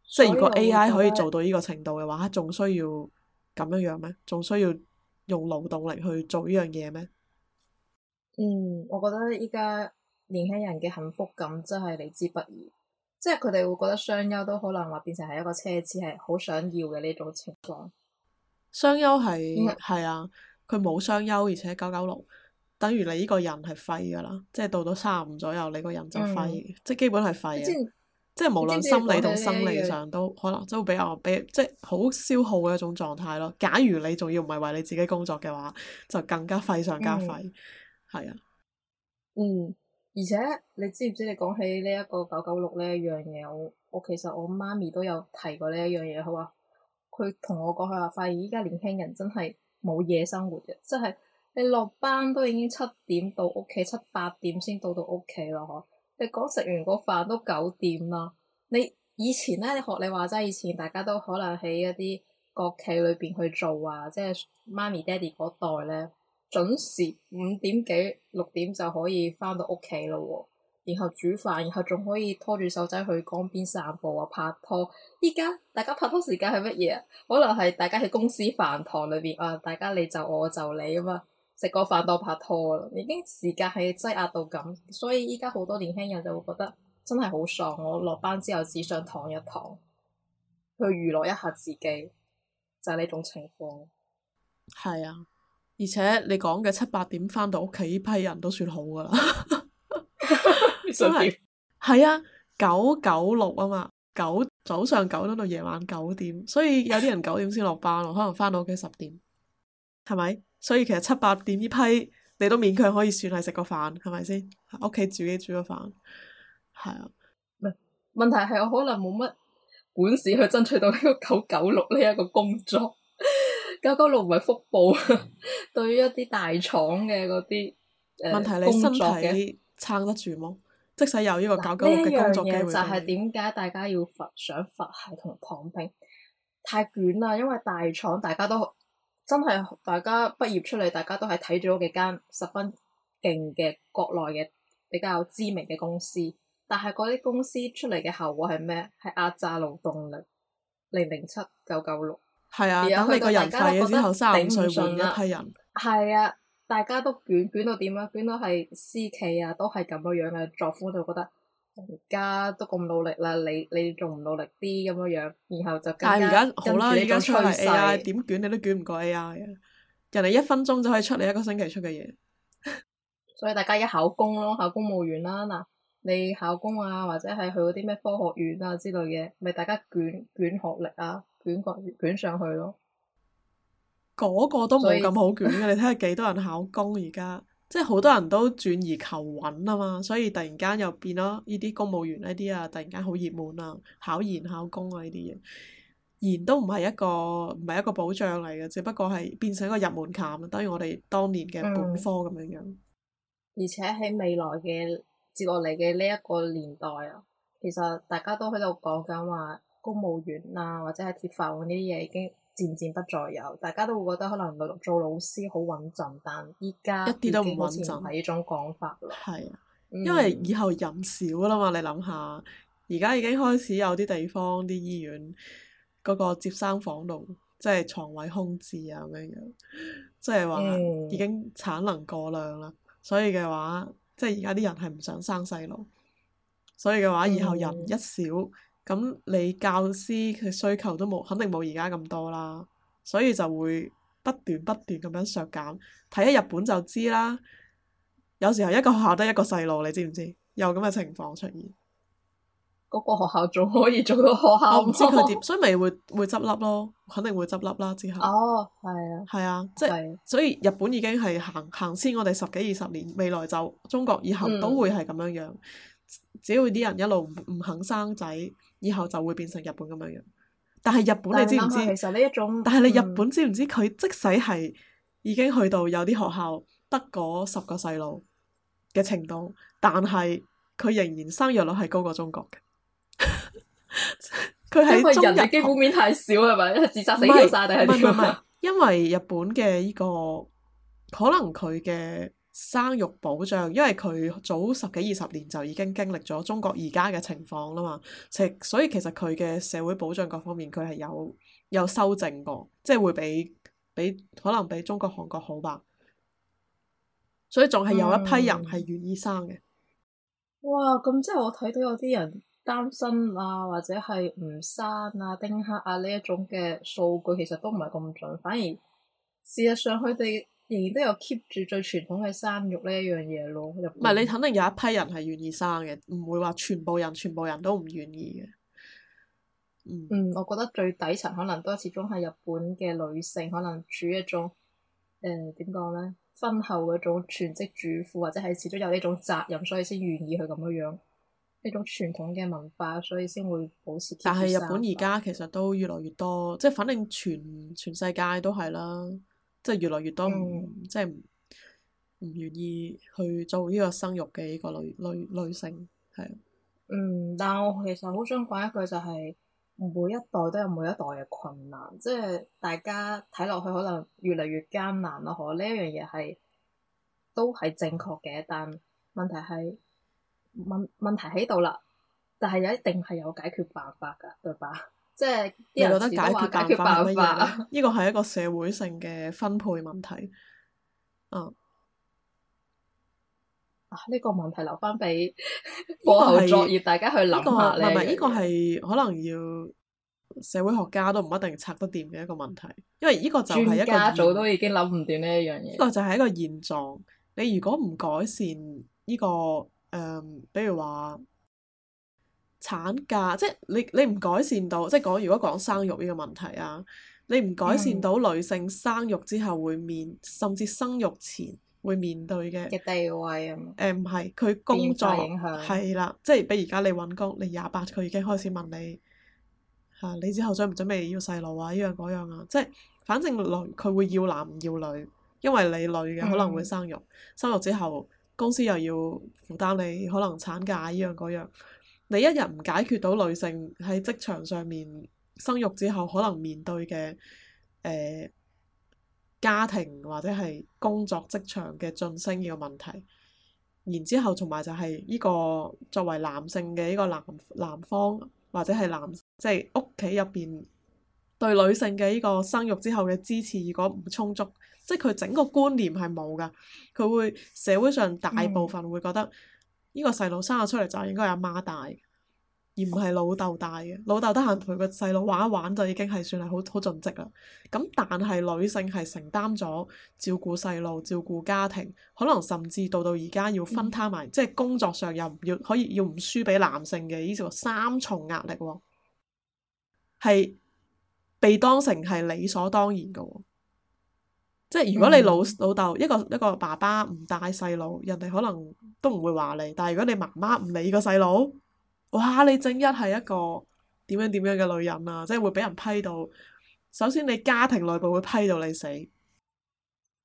即係如果 AI 可以做到呢個程度嘅話，仲需要咁樣樣咩？仲需要用勞動嚟去做呢樣嘢咩？嗯，我覺得依家。年輕人嘅幸福感真係嚟之不易，即係佢哋會覺得雙休都可能話變成係一個奢侈，係好想要嘅呢種情況。雙休係係啊，佢冇雙休，而且九九六，等於你呢個人係廢噶啦，即係到到三十五左右，你個人就廢，嗯、即係基本係廢嘅，即係無論心理同生理上都可能，即係會比較，比、嗯、即係好消耗嘅一種狀態咯。假如你仲要唔係為你自己工作嘅話，就更加廢上加廢，係、嗯嗯、啊，嗯。而且你知唔知你？你講起呢一個九九六呢一樣嘢，我我其實我媽咪都有提過呢一樣嘢。佢話佢同我講，佢話發現依家年輕人真係冇夜生活嘅，即係你落班都已經七點到屋企，七八點先到到屋企咯。嗬，你講食完個飯都九點啦。你以前咧，你學你話齋，以前大家都可能喺一啲國企裏邊去做啊，即係媽咪爹哋嗰代咧。準時五點幾六點就可以翻到屋企咯喎，然後煮飯，然後仲可以拖住手仔去江邊散步啊，拍拖。依家大家拍拖時間係乜嘢？可能係大家喺公司飯堂裏邊啊，大家你就我就你啊嘛，食個飯當拍拖啦。已經時間係擠壓到咁，所以依家好多年輕人就會覺得真係好爽。我落班之後只想躺一躺，去娛樂一下自己，就係呢種情況。係啊。而且你講嘅七八點返到屋企呢批人都算好噶啦 是，真係係啊九九六啊嘛，九早上九點到夜晚九點，所以有啲人九點先落班， 可能返到屋企十點，係咪？所以其實七八點呢批你都勉強可以算係食個飯，係咪先？屋企自己煮個飯，係啊。唔係問題係我可能冇乜本事去爭取到呢個九九六呢一個工作。九九六唔係福報， 對於一啲大廠嘅嗰啲誒，問題你身體撐得住麼？即使有呢個九九六嘅工作機會，呢一樣嘢就係點解大家要佛想佛系同躺平，太卷啦，因為大廠大家都真係大家畢業出嚟，大家都係睇咗嗰幾間十分勁嘅國內嘅比較知名嘅公司，但係嗰啲公司出嚟嘅效果係咩？係壓榨勞動力，零零七九九六。係啊，咁你個人大咗之後，三十五歲換一批人。係啊，大家都捲捲到點啊？捲到係私企啊，都係咁個樣嘅作風，就覺得而家都咁努力啦，你你仲唔努力啲咁個樣？然後就但係而家好啦，你而家趨勢啊，點捲你都捲唔過 A I 啊。人哋一分鐘就可以出你一個星期出嘅嘢。 所以大家一考公咯，考公務員啦，嗱，你考公啊，或者係去嗰啲咩科學院啊之類嘅，咪大家捲捲學歷啊。捲過捲上去咯，嗰以個都冇咁好捲嘅。 你睇下幾多人考公而家，即係好多人都轉移求穩啊嘛。所以突然間又變咗呢啲公務員呢啲啊，突然間好熱門啊，考研考公啊呢啲嘢。研都唔係一個唔係一個保障嚟嘅，只不過係變成一個入門檻，等於我哋當年嘅本科咁樣樣。嗯、而且喺未來嘅接落嚟嘅呢一個年代啊，其實大家都喺度講緊話。公務員啊，或者係鐵飯碗呢啲嘢已經漸漸不再有，大家都會覺得可能做老師好穩陣，但依家一啲都唔穩陣，已經好似唔係依種講法啦。係啊，嗯、因為以後人少啦嘛，你諗下，而家已經開始有啲地方啲醫院嗰個接生房度，即係床位空置啊咁樣樣，即係話已經產能過量啦、嗯。所以嘅話，即係而家啲人係唔想生細路，所以嘅話，以後人一少。嗯咁你教師嘅需求都冇，肯定冇而家咁多啦，所以就會不斷不斷咁樣削減。睇下日本就知啦，有時候一個學校得一個細路，你知唔知？有咁嘅情況出現，嗰個學校仲可以做到學校，我唔知佢點，所以咪會會執笠咯，肯定會執笠啦之後。哦，係啊。係啊，即係，所以日本已經係行行先我哋十幾二十年，未來就中國以後都會係咁樣樣。嗯只要啲人一路唔肯生仔，以後就會變成日本咁樣樣。但係日本是你知唔知？其實呢一種。但係你日本知唔知佢、嗯、即使係已經去到有啲學校得嗰十個細路嘅程度，但係佢仍然生育率係高過中國嘅。佢 係因為人嘅基本面太少係咪？因為自殺死咗晒定係點啊？因為日本嘅呢、這個可能佢嘅。生育保障，因為佢早十幾二十年就已經經歷咗中國而家嘅情況啦嘛，所以其實佢嘅社會保障各方面佢係有有修正過，即係會比比可能比中國、韓國好吧，所以仲係有一批人係願意生嘅、嗯。哇，咁即係我睇到有啲人單身啊，或者係唔生啊、丁克啊呢一種嘅數據，其實都唔係咁準，反而事實上佢哋。仍然都有 keep 住最傳統嘅生育呢一樣嘢咯，唔係你肯定有一批人係願意生嘅，唔會話全部人全部人都唔願意嘅。嗯，嗯，我覺得最底層可能都始終係日本嘅女性，可能處於一種誒點講呢，婚後嗰種全職主婦或者係始終有呢種責任，所以先願意去咁樣呢種傳統嘅文化，所以先會保持，保持。但係日本而家其實都越嚟越多，即係反正全全世界都係啦。即係越嚟越多、嗯、即係唔唔願意去做呢個生育嘅呢個女女女性，係啊。嗯，但係我其實好想講一句就係、是、每一代都有每一代嘅困難，即係大家睇落去可能越嚟越艱難咯，可呢一樣嘢係都係正確嘅，但問題係問問題喺度啦，但係有一定係有解決辦法㗎，對吧？即係，你覺得解決辦法乜嘢咧？呢個係一個社會性嘅分配問題。嗯、啊 啊，啊、這、呢個問題留翻俾課後作業，大家去諗下咧。唔係，呢個係是可能要社會學家都唔一定拆得掂嘅一個問題。因為呢個就係一個專家早都已經諗唔掂呢一樣嘢。呢個就係一個現狀。你如果唔改善呢、這個，誒、呃，比如話。產假即係你你唔改善到，即係講如果講生育呢個問題啊，你唔改善到女性生育之後會面，甚至生育前會面對嘅嘅地位啊。誒唔係佢工作影響係啦，即係比而家你揾工，你廿八佢已經開始問你嚇、啊，你之後準唔準備要細路啊？依樣嗰樣啊，即係反正女佢會要男唔要女，因為你女嘅可能會生育，嗯、生育之後公司又要負擔你可能產假依樣嗰樣。嗯。你一日唔解決到女性喺職場上面生育之後可能面對嘅誒、呃、家庭或者係工作職場嘅晉升呢個問題，然之後同埋就係呢個作為男性嘅呢個男男方或者係男即係屋企入邊對女性嘅呢個生育之後嘅支持，如果唔充足，即係佢整個觀念係冇㗎，佢會社會上大部分會覺得。嗯呢個細路生咗出嚟就應該係阿媽帶，而唔係老豆帶嘅。老豆得閒陪個細路玩一玩就已經係算係好好盡職啦。咁但係女性係承擔咗照顧細路、照顧家庭，可能甚至到到而家要分擔埋，嗯、即係工作上又唔要可以要唔輸俾男性嘅呢個三重壓力喎，係被當成係理所當然嘅喎。即係如果你老、嗯、老豆一個一個爸爸唔帶細路，人哋可能都唔會話你。但係如果你媽媽唔理個細路，哇！你正一係一個點樣點樣嘅女人啊！即係會俾人批鬥。首先，你家庭內部會批鬥你死。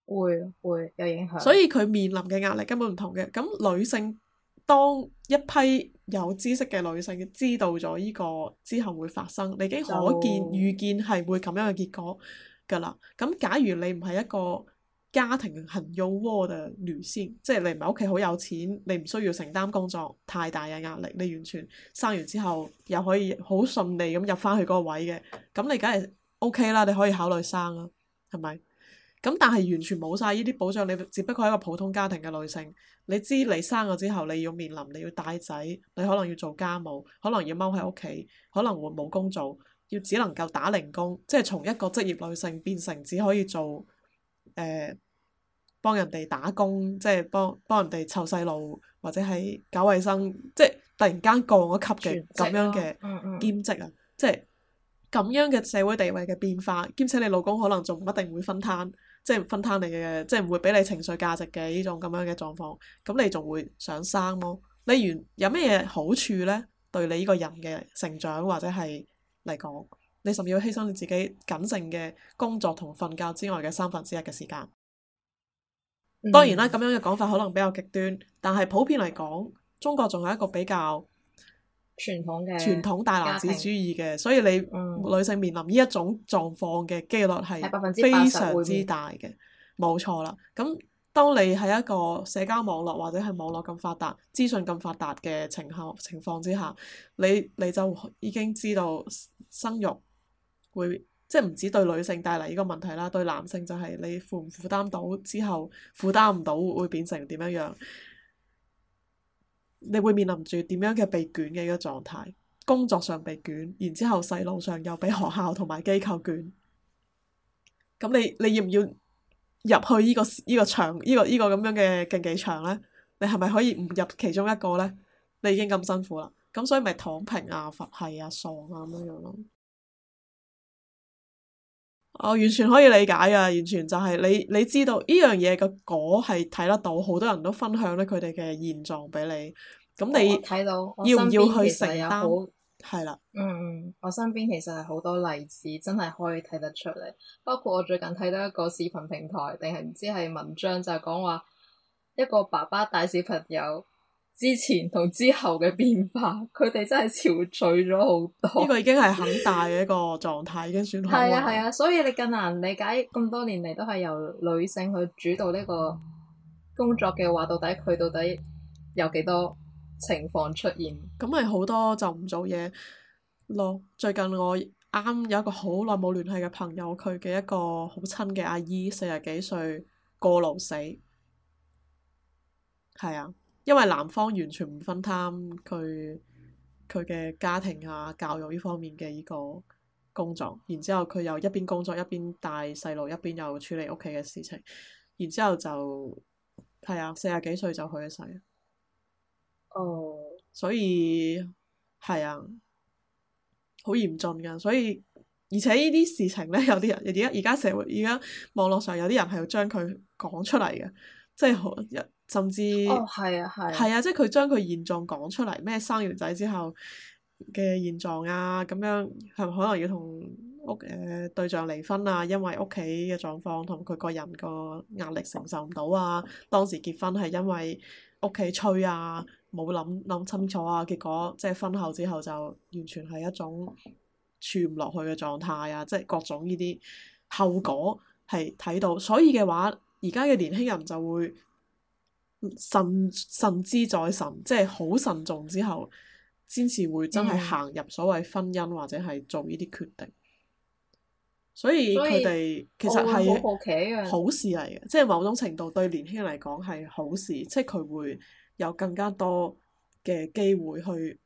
會會有影響。所以佢面臨嘅壓力根本唔同嘅。咁女性當一批有知識嘅女性知道咗呢個之後會發生，你已經可見就預見係會咁樣嘅結果。噶啦，咁假如你唔係一個家庭恆優渥嘅女先，即係你唔係屋企好有錢，你唔需要承擔工作太大嘅壓力，你完全生完之後又可以好順利咁入翻去嗰個位嘅，咁你梗係 OK 啦，你可以考慮生啊，係咪？咁但係完全冇晒呢啲保障，你只不過係一個普通家庭嘅女性，你知你生咗之後你要面臨，你要帶仔，你可能要做家務，可能要踎喺屋企，可能會冇工做。要只能夠打零工，即係從一個職業女性變成只可以做誒、呃、幫人哋打工，即係幫幫人哋湊細路，或者係搞衞生，啊、即係突然間降咗級嘅咁樣嘅兼職啊！嗯嗯即係咁樣嘅社會地位嘅變化，兼且你老公可能仲唔一定會分攤，即、就、係、是、分攤你嘅，即係唔會俾你情緒價值嘅呢種咁樣嘅狀況，咁你仲會想生囉、啊？例如有咩嘢好處呢？對你呢個人嘅成長或者係嚟講，你甚至要犧牲你自己僅剩嘅工作同瞓覺之外嘅三分之一嘅時間。當然啦，咁樣嘅講法可能比較極端，但係普遍嚟講，中國仲係一個比較傳統嘅傳統大男子主義嘅，所以你女性面臨呢一種狀況嘅幾率係非常之大嘅，冇錯啦。咁。當你喺一個社交網絡或者係網絡咁發達、資訊咁發達嘅情況情況之下，你你就已經知道生育會即係唔止對女性帶嚟呢個問題啦，對男性就係你負唔負擔到，之後負擔唔到會變成點樣樣？你會面臨住點樣嘅被捲嘅一個狀態？工作上被捲，然之後細路上又俾學校同埋機構捲。咁你你要唔要？入去呢個、呢個呢個、呢個場呢個、呢個呢個、呢個咁樣嘅競技場呢，你係咪可以唔入其中一個呢？你已經咁辛苦啦，咁所以咪躺平啊、佛系啊、喪啊咁樣樣咯。我、哦、完全可以理解啊，完全就係你你知道呢樣嘢嘅果係睇得到，好多人都分享咧佢哋嘅現狀俾你，咁你睇到要唔要去承擔？係啦，嗯嗯，我身邊其實係好多例子，真係可以睇得出嚟。包括我最近睇到一個視頻平台，定係唔知係文章，就係講話一個爸爸帶小朋友之前同之後嘅變化，佢哋真係憔悴咗好多。呢個已經係很大嘅一個狀態， 已經算係。係啊係啊，所以你更難理解咁多年嚟都係由女性去主導呢個工作嘅話，到底佢到底有幾多？情況出現，咁咪好多就唔做嘢咯。最近我啱有一個好耐冇聯繫嘅朋友，佢嘅一個好親嘅阿姨，四十幾歲過勞死，係啊，因為男方完全唔分擔佢佢嘅家庭啊、教育呢方面嘅呢個工作，然之後佢又一邊工作一邊帶細路，一邊又處理屋企嘅事情，然之後就係啊，四十幾歲就去咗世。哦、啊，所以係啊，好嚴峻噶。所以而且呢啲事情咧，有啲人而家而家社會而家網絡上有啲人係要將佢講出嚟嘅，即係甚至哦係啊係係啊，即係佢將佢現狀講出嚟，咩生完仔之後嘅現狀啊，咁樣係咪可能要同屋誒、呃、對象離婚啊，因為屋企嘅狀況同佢個人個壓力承受唔到啊，當時結婚係因為。屋企催啊，冇諗諗清楚啊，結果即係婚後之後就完全係一種處唔落去嘅狀態啊，即係各種呢啲後果係睇到，所以嘅話而家嘅年輕人就會慎慎之再慎，即係好慎重之後，先至會真係行入所謂婚姻或者係做呢啲決定。所以佢哋以其實係好，好事嚟嘅，即係某種程度對年輕人嚟講係好事，即係佢會有更加多嘅機會去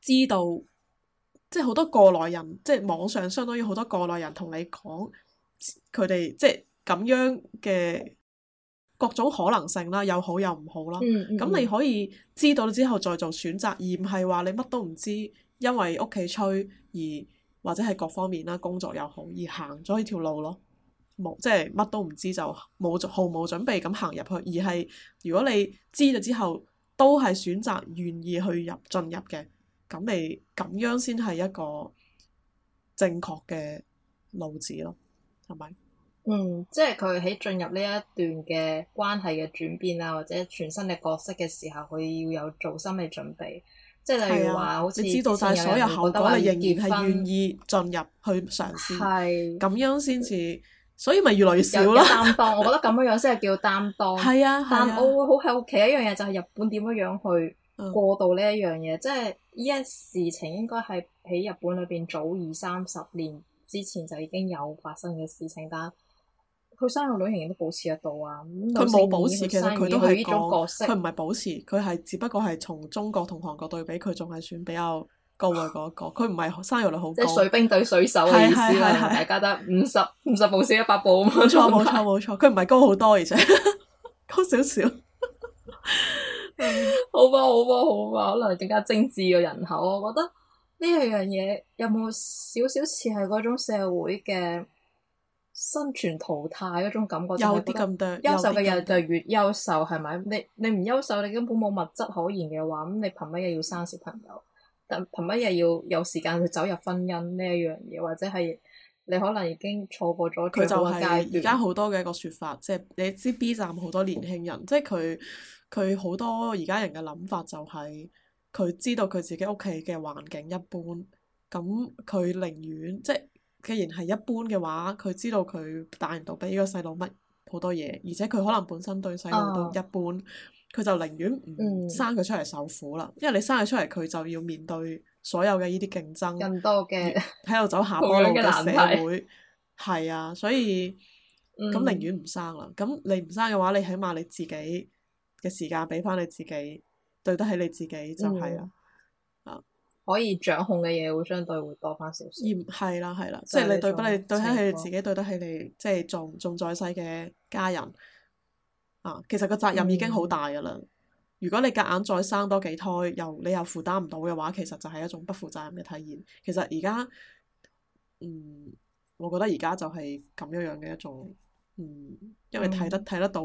知道，即係好多過來人，即係網上相當於好多過來人同你講，佢哋即係咁樣嘅各種可能性啦，有好有唔好啦。咁、嗯嗯、你可以知道之後再做選擇，而唔係話你乜都唔知，因為屋企催而。或者係各方面啦，工作又好，而行咗呢條路咯，冇即係乜都唔知就冇毫無準備咁行入去，而係如果你知咗之後，都係選擇願意去入進入嘅，咁你咁樣先係一個正確嘅路子咯，係咪？嗯，即係佢喺進入呢一段嘅關係嘅轉變啊，或者全新嘅角色嘅時候，佢要有做心理準備。即係例如話，好似、啊、你知道晒所有後果，你仍然係願意進入去嘗試，咁婚樣先至，是所以咪越嚟越少咯。擔當， 我覺得咁樣樣先係叫擔當。係啊，啊但我會好好奇、啊、一樣嘢，就係日本點樣樣去過渡呢一樣嘢，嗯、即係呢一事情應該係喺日本裏邊早二三十年之前就已經有發生嘅事情，但。佢生育率仍然都保持得到啊！佢冇保持，其實佢都係嗰個角色。佢唔係保持，佢係只不過係從中國同韓國對比，佢仲係算比較高嘅嗰個。佢唔係生育率好高，即係水兵對水手嘅意思大家得五十五十步笑一百步啊嘛！冇錯冇錯冇錯，佢唔係高好多，而且高少少。好嘛好嘛好嘛，可能更加精緻嘅人口。我覺得呢一樣嘢有冇少少似係嗰種社會嘅？生存淘汰嗰種感覺，有啲咁多。優秀嘅人就越優秀，係咪？你你唔優秀，你根本冇物質可言嘅話，咁你憑乜嘢要生小朋友？但憑乜嘢要有時間去走入婚姻呢一樣嘢？或者係你可能已經錯過咗佢嗰個階段。佢就係而家好多嘅一個説法，即係你知 B 站好多年輕人，即係佢佢好多而家人嘅諗法就係佢知道佢自己屋企嘅環境一般，咁佢寧願即係。就是既然係一般嘅話，佢知道佢帶唔到俾呢個細路乜好多嘢，而且佢可能本身對細路都一般，佢、oh. 就寧願唔生佢出嚟受苦啦。Mm. 因為你生佢出嚟，佢就要面對所有嘅呢啲競爭，更多嘅，喺度走下坡路嘅社會，係 啊，所以咁、mm. 寧願唔生啦。咁你唔生嘅話，你起碼你自己嘅時間俾翻你自己，對得起你自己就係、是、啦、啊。Mm. 可以掌控嘅嘢會相對會多翻少少，係啦係啦，即係、啊啊、你對，你你對不？你對得起自己，對得起你即係仲仲在世嘅家人啊！其實個責任已經好大噶啦。嗯、如果你夾硬再生多幾胎，又你又負擔唔到嘅話，其實就係一種不負責任嘅體驗。其實而家，嗯，我覺得而家就係咁樣樣嘅一種，嗯，因為睇得睇、嗯、得到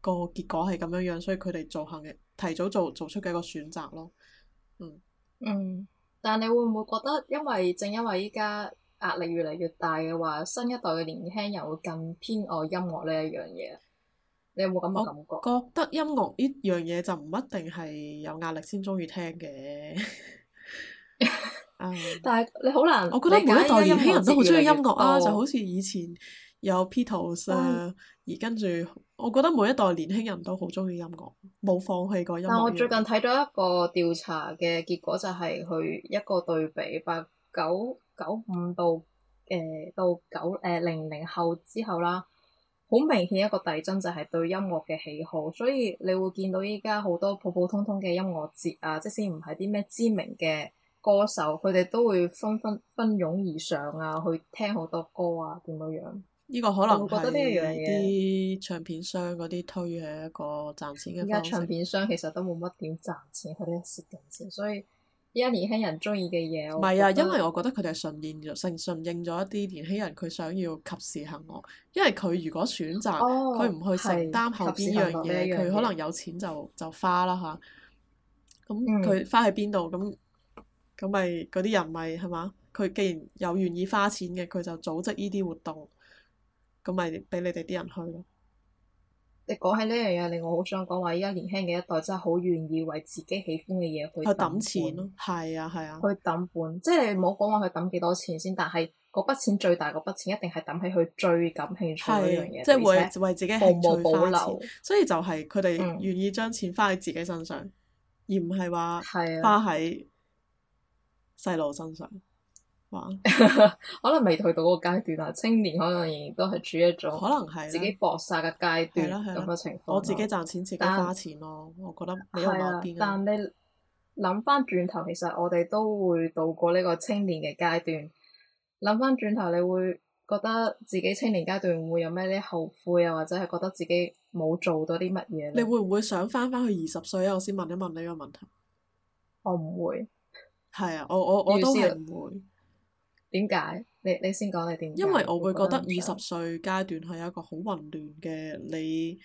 個結果係咁樣樣，所以佢哋做行嘅提早做做出嘅一個選擇咯。嗯嗯。嗯但你會唔會覺得，因為正因為依家壓力越嚟越大嘅話，新一代嘅年輕人會更偏愛音樂呢一樣嘢？你有冇咁嘅感覺？覺得音樂呢樣嘢就唔一定係有壓力先中意聽嘅。 um, 但係你好難， 我覺得每一代年輕人都好中意音樂啊，越越就好似以前。有 Petals,、啊、 而跟住，我覺得每一代年輕人都好鍾意音樂，冇放棄過音樂,音樂。但我最近睇咗一個調查嘅結果，就係去一個對比，八九九五到誒到九誒、呃、零零後之後啦，好明顯一個遞增就係對音樂嘅喜好，所以你會見到依家好多普普通通嘅音樂節啊，即使唔係啲咩知名嘅歌手，佢哋都會紛紛紛擁而上啊，去聽好多歌啊，點樣樣。呢個可能覺得呢樣嘢，啲唱片商嗰啲推嘅一個賺錢嘅。而家唱片商其實都冇乜點賺錢，佢哋蝕緊錢，所以而家年輕人中意嘅嘢。唔係啊，覺因為我覺得佢哋係順應咗，順順應咗一啲年輕人佢想要及時行樂。因為佢如果選擇佢唔去承擔後邊一是樣嘢，佢可能有錢就就花啦嚇。咁、啊、佢花喺邊度？咁咁咪嗰啲人咪係嘛？佢既然有願意花錢嘅，佢就組織呢啲活動。咁咪俾你哋啲人去咯。你講起呢樣嘢，令我好想講話，依家年輕嘅一代真係好願意為自己喜歡嘅嘢去，去揼錢咯。係啊，係啊。啊，去揼本，即係你唔好講話佢揼幾多錢先，但係嗰筆錢最大嗰筆錢一定係揼起佢最感興趣呢樣嘢。即係會為自己興趣花錢。所以就係佢哋願意將錢花喺自己身上，嗯、而唔係話花喺細路身上。 可能未去到嗰個階段啊，青年可能仍然都係處於一種可能係自己搏殺嘅階段咁嘅情況。我自己賺錢自己花錢咯，但 我覺得你有有、啊、但你諗翻轉頭，其實我哋都會到過呢個青年嘅階段。諗翻轉頭，你會覺得自己青年階段會有咩啲後悔，啊，又或者係覺得自己冇做咗啲乜嘢？你會唔會想翻翻去二十歲啊？我先問一問呢個問題。我唔會。係啊，我我我，我都唔會。 點解？你你先講你點解？因為我會覺得二十歲階段係一個好混亂嘅，你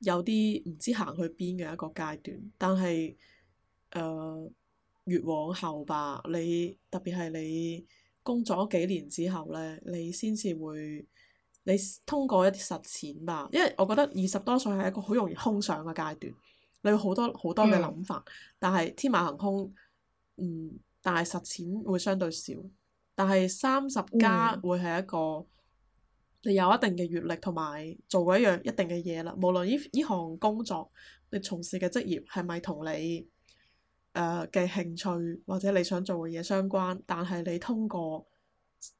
有啲唔知行去邊嘅一個階段。但係誒、呃、越往後吧，你特別係你工作咗幾年之後咧，你先至會你通過一啲實踐吧。因為我覺得二十多歲係一個好容易空想嘅階段，你會好多好多嘅諗法，但係天馬行空，嗯，但係實踐會相對少。但係三十加會係一個你有一定嘅閲歷同埋做過一樣一定嘅嘢啦。無論呢依行工作你從事嘅職業係咪同你誒嘅、呃、興趣或者你想做嘅嘢相關，但係你通過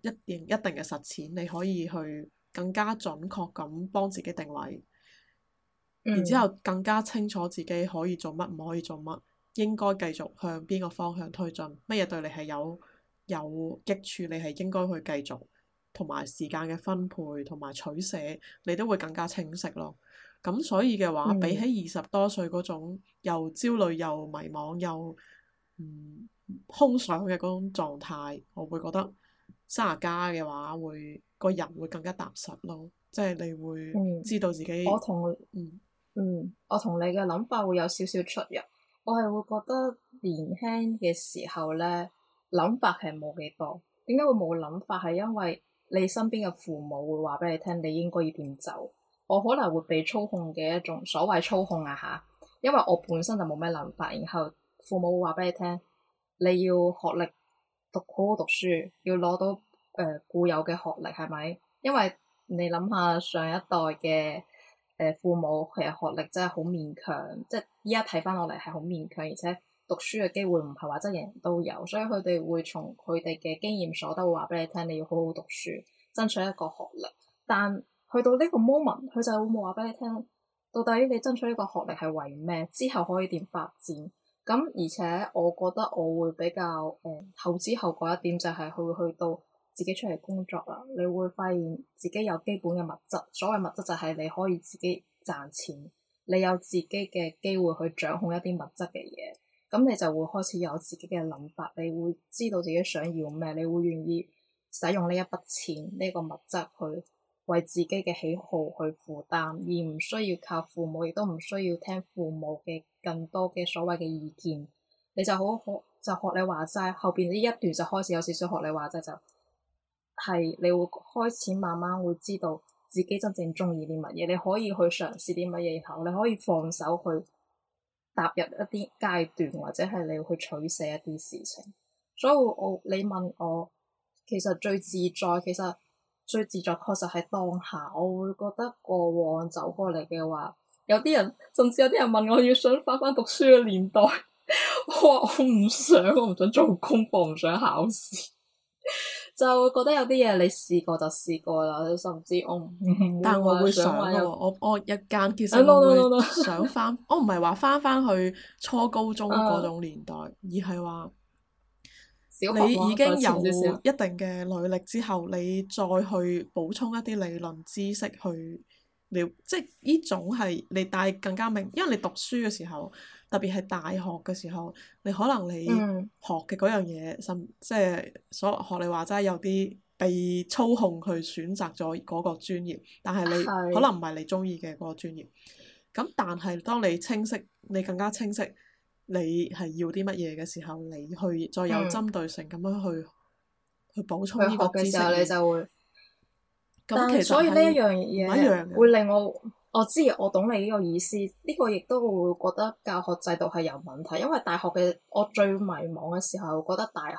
一定一定嘅實踐，你可以去更加準確咁幫自己定位，然、嗯、之後更加清楚自己可以做乜，唔可以做乜，應該繼續向邊個方向推進，乜嘢對你係有有益處，你係應該去繼續，同埋時間嘅分配，同埋取捨，你都會更加清晰咯。咁所以嘅話，嗯、比起二十多歲嗰種又焦慮又迷茫又嗯空想嘅嗰種狀態，我會覺得三十加嘅話，會個人會更加踏實咯。即係你會知道自己。嗯、我同嗯嗯，我同你嘅諗法會有少少出入。我係會覺得年輕嘅時候呢。諗法係冇幾多，點解會冇諗法？係因為你身邊嘅父母會話俾你聽，你應該要點走。我可能會被操控嘅一種所謂操控啊嚇，因為我本身就冇咩諗法，然後父母會話俾你聽，你要學歷讀好好讀書，要攞到誒、呃、固有嘅學歷係咪？因為你諗下上一代嘅誒、呃、父母其實學歷真係好勉強，即係依家睇翻落嚟係好勉強，而且，讀書嘅機會唔係話真係人人都有，所以佢哋會從佢哋嘅經驗所得話俾你聽，你要好好讀書，爭取一個學歷。但去到呢個 moment，佢就冇話俾你聽，到底你爭取呢個學歷係為咩？之後可以點發展？咁而且我覺得我會比較誒、嗯、後知後覺一點，就是，就係佢去到自己出嚟工作啦，你會發現自己有基本嘅物質。所謂物質就係你可以自己賺錢，你有自己嘅機會去掌控一啲物質嘅嘢。咁你就會開始有自己嘅諗法，你會知道自己想要咩，你會願意使用呢一筆錢、呢個物質去為自己嘅喜好去負擔，而唔需要靠父母，亦都唔需要聽父母嘅更多嘅所謂嘅意見。你就好好就學你話齋，後邊呢一段就開始有少少學你話齋，就係你會開始慢慢會知道自己真正中意啲乜嘢，你可以去嘗試啲乜嘢，然後你可以放手去。踏入一啲階段，或者係你要去取捨一啲事情，所以我你問我，其實最自在，其實最自在確實係當下。我會覺得過往走過嚟嘅話，有啲人甚至有啲人問我要想翻翻讀書嘅年代， 我唔想，我唔想做功課，唔想考試。就覺得有啲嘢你試過就試過啦，甚至我唔，但我會想咯，啊、我我一間其實我會,會想返，啊啊啊、我唔係話返返去初高中嗰種年代，啊、而係話你已經有一定嘅履歷之後，你再去補充一啲理論知識去了，即係呢種係你帶更加明，因為你讀書嘅時候。特別係大學嘅時候，你可能你學嘅嗰樣嘢，嗯、甚即係所學你話齋有啲被操控去選擇咗嗰個專業，但係你是可能唔係你中意嘅嗰個專業。咁但係當你清晰，你更加清晰，你係要啲乜嘢嘅時候，你去再有針對性咁樣去、嗯、去補充呢個知識，你就會。咁所以呢一樣嘢，一樣嘢會令我。我知，我懂你呢個意思。呢個亦都會覺得教學制度係有問題，因為大學嘅我最迷茫嘅時候，覺得大學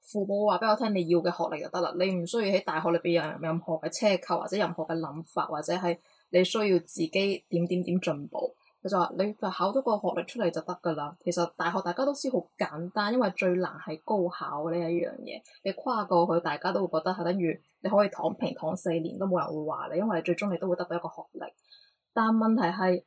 父母話俾我聽，你要嘅學歷就得啦，你唔需要喺大學裏邊有任何嘅奢求，或者任何嘅諗法，或者係你需要自己點點點進步。佢就話你就考咗個學歷出嚟就得㗎啦。其實大學大家都知好簡單，因為最難係高考呢一樣嘢。你跨過去，大家都會覺得係等於你可以躺平躺四年都冇人會話你，因為你最終你都會得到一個學歷。但問題係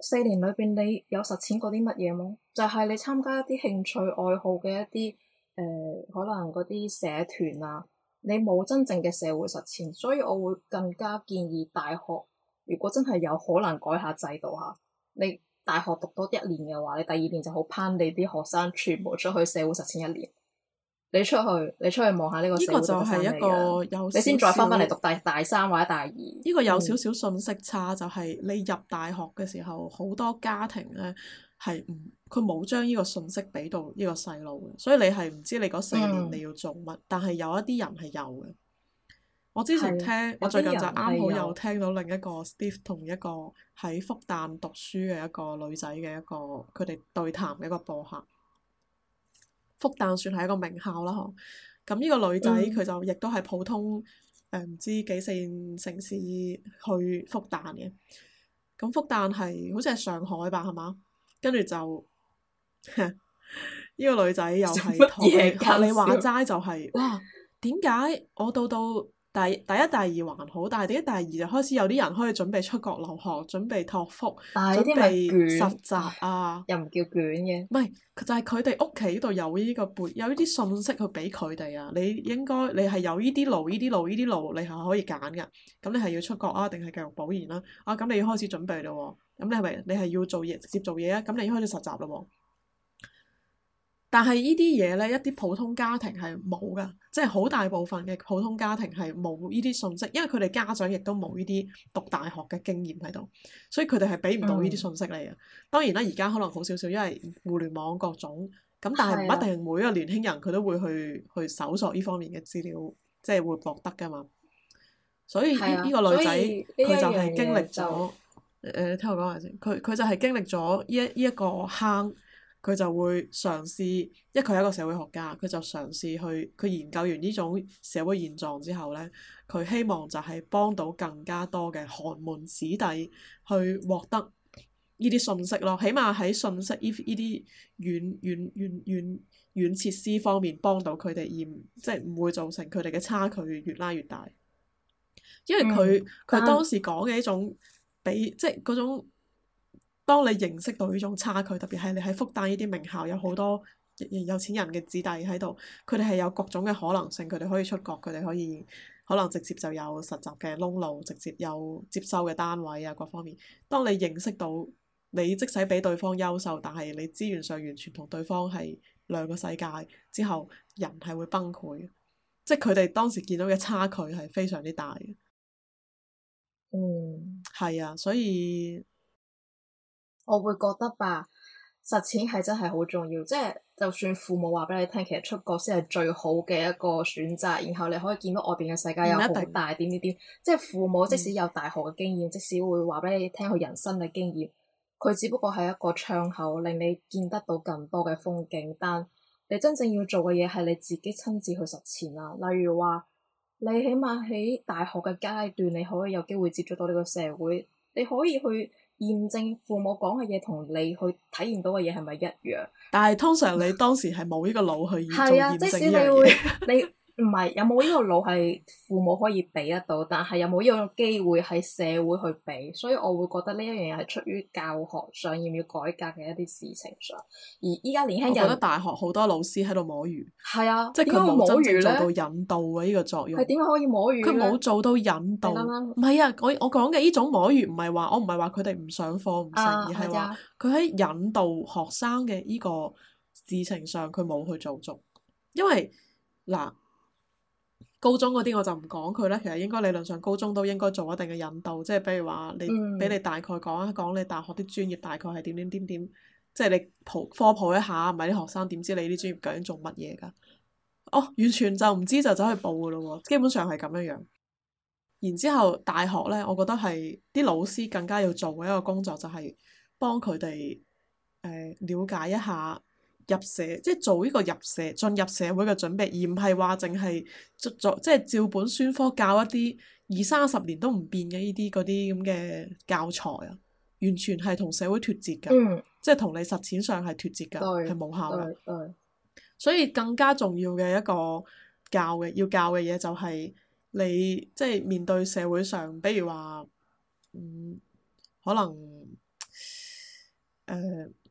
四年裏邊你有實踐過啲乜嘢冇？就係、是、你參加一啲興趣愛好嘅一啲誒、呃，可能嗰啲社團啊，你冇真正嘅社會實踐，所以我會更加建議大學如果真係有可能改下制度吓，你大學讀多一年嘅話，你第二年就好攀你啲學生全部出去社會實踐一年。你出去，你出去望下呢個呢個就係一個有，少少少你先再翻翻嚟讀大大三或者大二。呢個有少少信息差，嗯、就係你入大學嘅時候，好多家庭咧係唔佢冇將呢個信息俾到呢個細路嘅，所以你係唔知你嗰四年你要做乜。嗯、但係有一啲人係有嘅。我之前聽，我最近就啱好又聽到另一個 Steve 同一個喺復旦讀書嘅一個女仔嘅一個，佢哋對談嘅一個播客。復旦算係一個名校啦，嗬！咁呢個女仔佢、嗯、就亦都係普通誒，唔、嗯、知幾線城市去復旦嘅。咁復旦係，好似係上海吧，係嘛？跟住就呢 個女仔又係，同你話齋 就係、是，哇！點解我到到？第一第一、第二還好，但係第，第一、第二就開始有啲人開始準備出國留學、準備托福、準備實習啊，又唔叫捲嘅。唔係，就係佢哋屋企度有呢、呢個背，有呢啲信息去俾佢哋啊。你應該你係有呢啲路、呢啲路、呢啲路，你係可以揀嘅。咁你係要出國啊，定係繼續保研啦、啊？啊，咁你要開始準備嘞喎、啊。咁你係咪你係要做嘢直接做嘢啊？咁你已經要開始實習嘞喎、啊。但係呢啲嘢咧，一啲普通家庭係冇噶，即係好大部分嘅普通家庭係冇呢啲信息，因為佢哋家長亦都冇呢啲讀大學嘅經驗喺度，所以佢哋係俾唔到呢啲信息嚟嘅。嗯、當然啦，而家可能好少少，因為互聯網各種咁，但係唔一定每一個年輕人佢都會去去搜索呢方面嘅資料，即係會博得噶嘛。所以呢個女仔佢就係經歷咗誒，聽我講下先，佢佢就係經歷咗呢一呢一，一個坑。佢就會嘗試，因為佢係一個社會學家，佢就嘗試去佢研究完呢種社會現狀之後咧，佢希望就係幫到更加多嘅寒門子弟去獲得呢啲信息咯，起碼喺信息呢依啲軟軟軟軟軟設施方面幫到佢哋，而即係唔會造成佢哋嘅差距越拉越大。因為佢佢、嗯、當時講嘅一種比即係嗰種。嗯當你認識到呢種差距，特別係你喺復旦呢啲名校有好多有錢人嘅子弟喺度，佢哋係有各種嘅可能性，佢哋可以出國，佢哋可以可能直接就有實習嘅窿路，直接有接收嘅單位啊，各方面。當你認識到你即使比對方優秀，但係你資源上完全同對方係兩個世界之後，人係會崩潰，即係佢哋當時見到嘅差距係非常之大嘅。嗯，係啊，所以。我會覺得吧，實踐係真係好重要，即係就算父母話俾你聽，其實出國先係最好嘅一個選擇，然後你可以見到外邊嘅世界有好大點點點，即係父母即使有大學嘅經驗，嗯、即使會話俾你聽佢人生嘅經驗，佢只不過係一個窗口，令你見得到更多嘅風景，但你真正要做嘅嘢係你自己親自去實踐啦。例如話，你起碼喺大學嘅階段，你可以有機會接觸到呢個社會，你可以去。驗證父母講嘅嘢同你去體驗到嘅嘢係咪一樣？但係通常你當時係冇呢個腦去做驗證呢樣嘢 唔係有冇呢個腦係父母可以俾得到，但係有冇呢個機會喺社會去俾？所以我會覺得呢一樣嘢係出於教學上要唔要改革嘅一啲事情上。而依家年輕人，我覺得大學好多老師喺度摸魚，係啊，即係佢冇做到引導嘅呢個作用。佢點解可以摸魚？佢冇做到引導。唔係啊，啊！我我講嘅呢種摸魚唔係話我唔係話佢哋唔上課唔成，啊啊、而係話佢喺引導學生嘅呢個事情上佢冇去做足，因為嗱。高中嗰啲我就唔講佢啦，其實應該理論上高中都應該做一定嘅引導，即係、嗯、比如話，你俾你大概講一講你大學啲專業大概係點點點點，即、就、係、係、你普科普一下，唔係啲學生點知你啲專業究竟做乜嘢噶？哦，完全就唔知就走去報噶咯，基本上係咁樣樣。然之後大學咧，我覺得係啲老師更加要做嘅一個工作、就係，就係幫佢哋誒了解一下。入社即係做呢個入社進入社會嘅準備，而唔係話淨係做即係照本宣科教一啲二三十年都唔變嘅呢啲嗰啲咁嘅教材啊，完全係同社會脫節噶，嗯、即係同你實踐上係脫節噶，係冇對效噶。所以更加重要嘅一個教嘅要教嘅嘢就係你即係面對社會上，比如話、嗯，可能誒。呃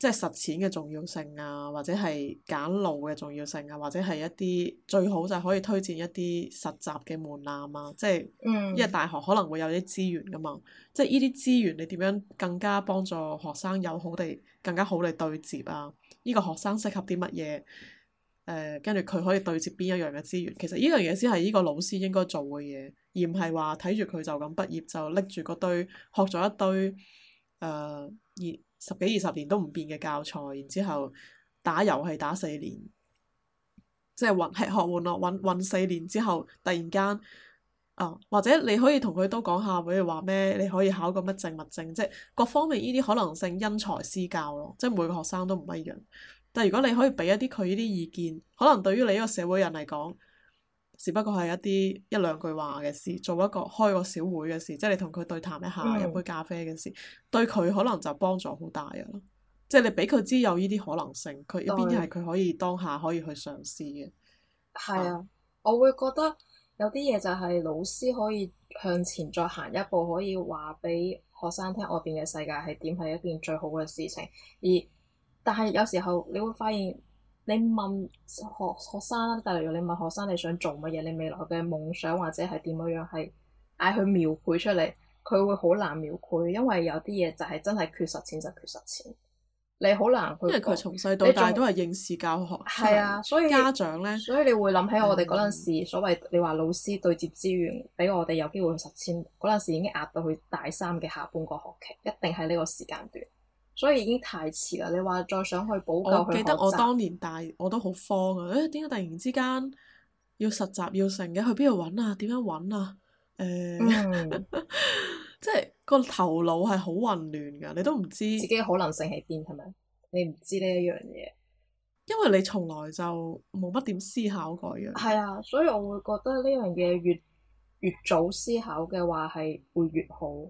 即係實踐嘅重要性啊，或者係揀路嘅重要性啊，或者係一啲最好就可以推薦一啲實習嘅門檻啊。即係因為大學可能會有啲資源噶嘛，即係呢啲資源你點樣更加幫助學生有好地更加好地對接啊？呢、呢個學生適合啲乜嘢？誒、呃，跟住佢可以對接邊一樣嘅資源？其實呢樣嘢先係呢個老師應該做嘅嘢，而唔係話睇住佢就咁畢業就拎住嗰堆學咗一堆誒而。呃十幾二十年都唔變嘅教材，然之後打遊戲打四年，即係混吃喝玩樂混混四年之後，突然間啊，或者你可以同佢都講下，比如話咩，你可以考個乜證物證，即係各方面呢啲可能性因材施教咯，即係每個學生都唔一樣。但如果你可以俾一啲佢呢啲意見，可能對於你呢個社會人嚟講，只不過係一啲一兩句話嘅事，做一個開個小會嘅事，即係你同佢對談一下飲、嗯、杯咖啡嘅事，對佢可能就幫助好大啊！即係你俾佢知有呢啲可能性，佢入邊係佢可以當下可以去嘗試嘅。係對啊，啊，我會覺得有啲嘢就係老師可以向前再行一步，可以話俾學生聽外邊嘅世界係點係一件最好嘅事情，而但係有時候你會發現。你問學學生啦，但例如你問學生你想做乜嘢，你未來嘅夢想或者係點樣樣，係嗌佢描繪出嚟，佢會好難描繪，因為有啲嘢就係真係缺實踐就缺實踐，你好難去。因為佢從細到大都係應試教學。係還啊，所以家長咧，所以你會諗起我哋嗰陣時、嗯、所謂你話老師對接資源，俾我哋有機會去實踐嗰陣時已經壓到去大三嘅下半個學期，一定係呢個時間段。所以已經太遲啦！你話再想去補救，我記得我當年大我都好慌啊！誒、哎，點解突然之間要實習要成嘅？去邊度揾啊？點樣揾啊？誒、欸，嗯、 即係個頭腦係好混亂噶，你都唔知自己嘅可能性喺邊，係咪？你唔知呢一樣嘢，因為你從來就冇乜點思考過樣。係啊，所以我會覺得呢樣嘢越越早思考嘅話係會越好。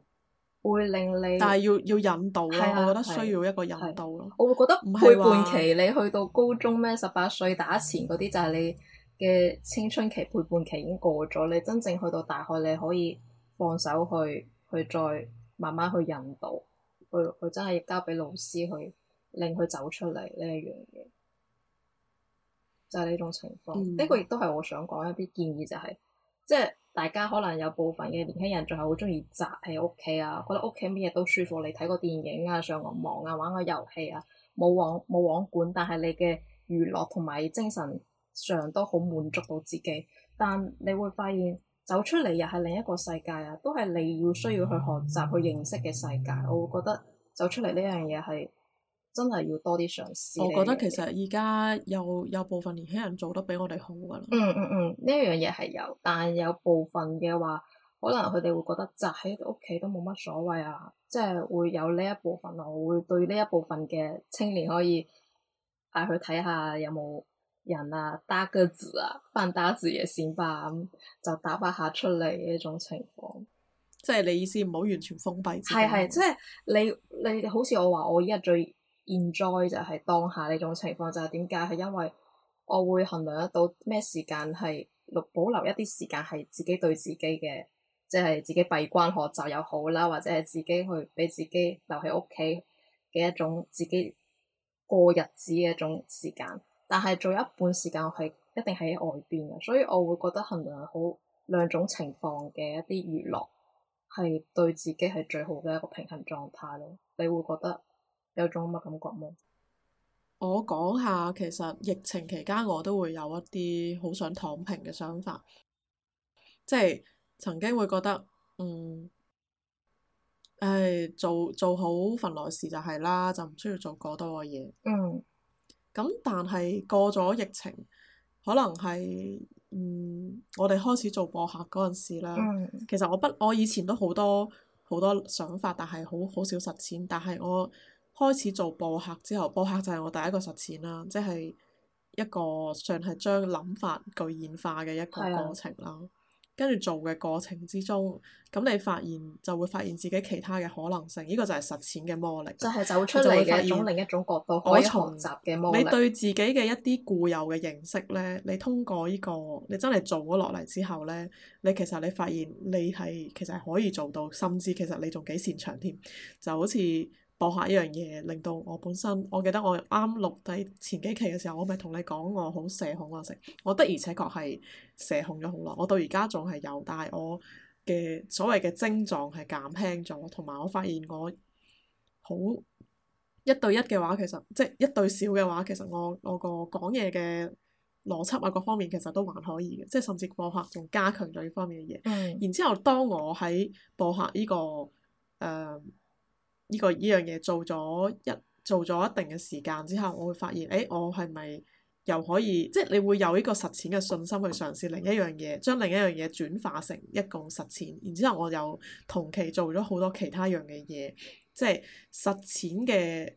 會令你，但係要要引導咯，啊、我覺得需要一個引導咯、啊啊啊。我會覺得陪伴期你去到高中咩，十八歲打前嗰啲就係你嘅青春期陪伴期已經過咗，你真正去到大學你可以放手去去再慢慢去引導，去去真係要交俾老師去令佢走出嚟呢一樣嘢，就係、是、呢種情況。呢、嗯、個亦都係我想講一啲建議、就係，就係即係。大家可能有部分嘅年輕人仲係好中意宅喺屋企啊，覺得屋企咩嘢都舒服，你睇個電影啊，上個網，網啊，玩個遊戲啊，冇網冇網管，但係你嘅娛樂同埋精神上都好滿足到自己。但你會發現走出嚟又係另一個世界啊，都係你要需要去學習去認識嘅世界。我會覺得走出嚟呢樣嘢係。真係要多啲嘗試。我覺得其實而家有有部分年輕人做得比我哋好㗎喇，嗯。嗯嗯嗯，呢樣嘢係有，但有部分嘅話，可能佢哋會覺得宅喺屋企都冇乜所謂啊，即係會有呢一部分我會對呢一部分嘅青年可以帶佢睇下有冇人啊，打個字啊，翻打字也行吧，咁就打一下出嚟呢種情況。即係你意思唔好完全封閉。係係，即係你你好似我話我依家最。現在就係當下呢種情況，就係點解，係因為我會衡量得到咩時間係留保留一啲時間係自己對自己嘅，即係自己閉關學習又好啦，或者係自己去俾自己留喺屋企嘅一種自己過日子嘅一種時間。但係仲有一半時間我係一定喺外邊嘅，所以我會覺得衡量好兩種情況嘅一啲娛樂係對自己係最好嘅一個平衡狀態咯。你會覺得？有種咁嘅感覺，冇，我講下，其實疫情期間我都會有一啲好想躺平嘅想法，即係曾經會覺得，嗯，誒做做好份內事就係啦，就唔需要做過多嘅嘢。嗯。咁但係過咗疫情，可能係嗯我哋開始做播客嗰陣時啦。嗯。其實我不我以前都好多好多想法，但係好好少實踐，但係我。開始做播客之後，播客就係我第一個實踐啦，即係一個尚係將諗法具現化嘅一個過程啦。的跟住做嘅過程之中，咁你發現就會發現自己其他嘅可能性。呢個就係實踐嘅魔力，就係走出嚟嘅一種另一種角度可以學習嘅魔力。你對自己嘅一啲固有嘅認識呢，你通過呢個你真係做咗落嚟之後呢，你其實你發現你係其實係可以做到，甚至其實你仲幾擅長添，就好似，播客一樣嘢令到我本身，我記得我啱錄低前幾期嘅時候，我咪同你講我好社恐啊，成，我的而且確係社恐咗好耐，我到而家仲係有，但係我嘅所謂嘅症狀係減輕咗，同埋我發現我好一對一嘅話，其實即係一對少嘅話，其實我我個講嘢嘅邏輯啊，各方面其實都還可以嘅，即係甚至播客仲加強咗呢方面嘅嘢。然之後當我喺播客呢、呢個誒。呃呢個呢樣嘢做咗一做咗一定嘅時間之後，我會發現，誒、欸，我係咪又可以，即係你會有呢個實踐嘅信心去嘗試另一樣嘢，將另一樣嘢轉化成一共實踐。然之後，我又同期做咗好多其他樣嘅嘢，即係實踐嘅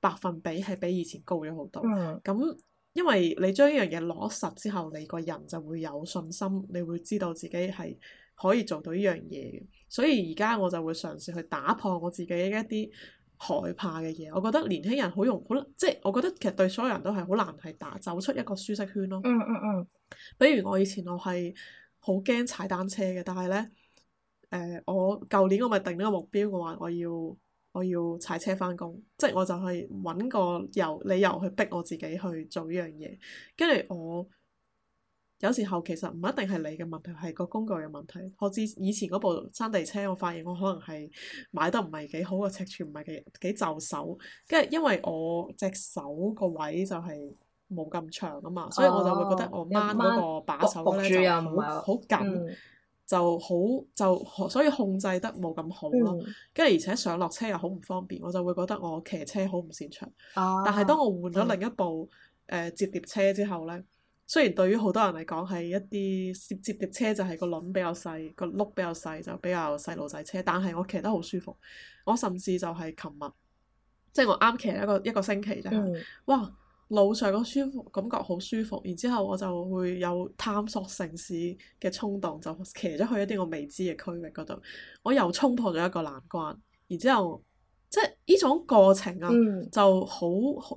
百分比係比以前高咗好多。咁、嗯、因為你將呢樣嘢攞實之後，你個人就會有信心，你會知道自己係可以做到呢樣嘢嘅。所以而家我就會嘗試去打破我自己一啲害怕嘅嘢。我覺得年輕人好容好，即係我覺得其實對所有人都係好難係打走出一個舒適圈咯。嗯嗯嗯。嗯嗯，比如我以前我係好驚踩單車嘅，但係咧，誒、呃，我舊年我咪定咗個目標嘅話，我要我要踩車翻工，即係我就係揾個由理由去逼我自己去做呢樣嘢，跟住我。有時候其實唔一定係你嘅問題，係個工具嘅問題。就似以前嗰部山地車，我發現我可能係買得唔係幾好個尺寸，唔係幾幾就手。跟住因為我隻手個位就係冇咁長啊嘛，所以我就會覺得我掹嗰個把手咧就好好緊，就好就，就所以控制得冇咁好咯。跟住而且上落車又好唔方便，我就會覺得我騎車好唔擅長。但係當我換咗另一部誒摺疊車之後呢。雖然對於好多人嚟講係一啲摺疊嘅車就係個輪比較細，個轆比較細就比較細路仔車，但係我騎得好舒服。我甚至就係琴日，即係我啱騎一個一個星期啫。嗯、哇，路上個舒服感覺好舒服，然之後我就會有探索城市嘅衝動，就騎咗去一啲我未知嘅區域嗰度，我又衝破咗一個難關。然之後即係呢種過程啊，就好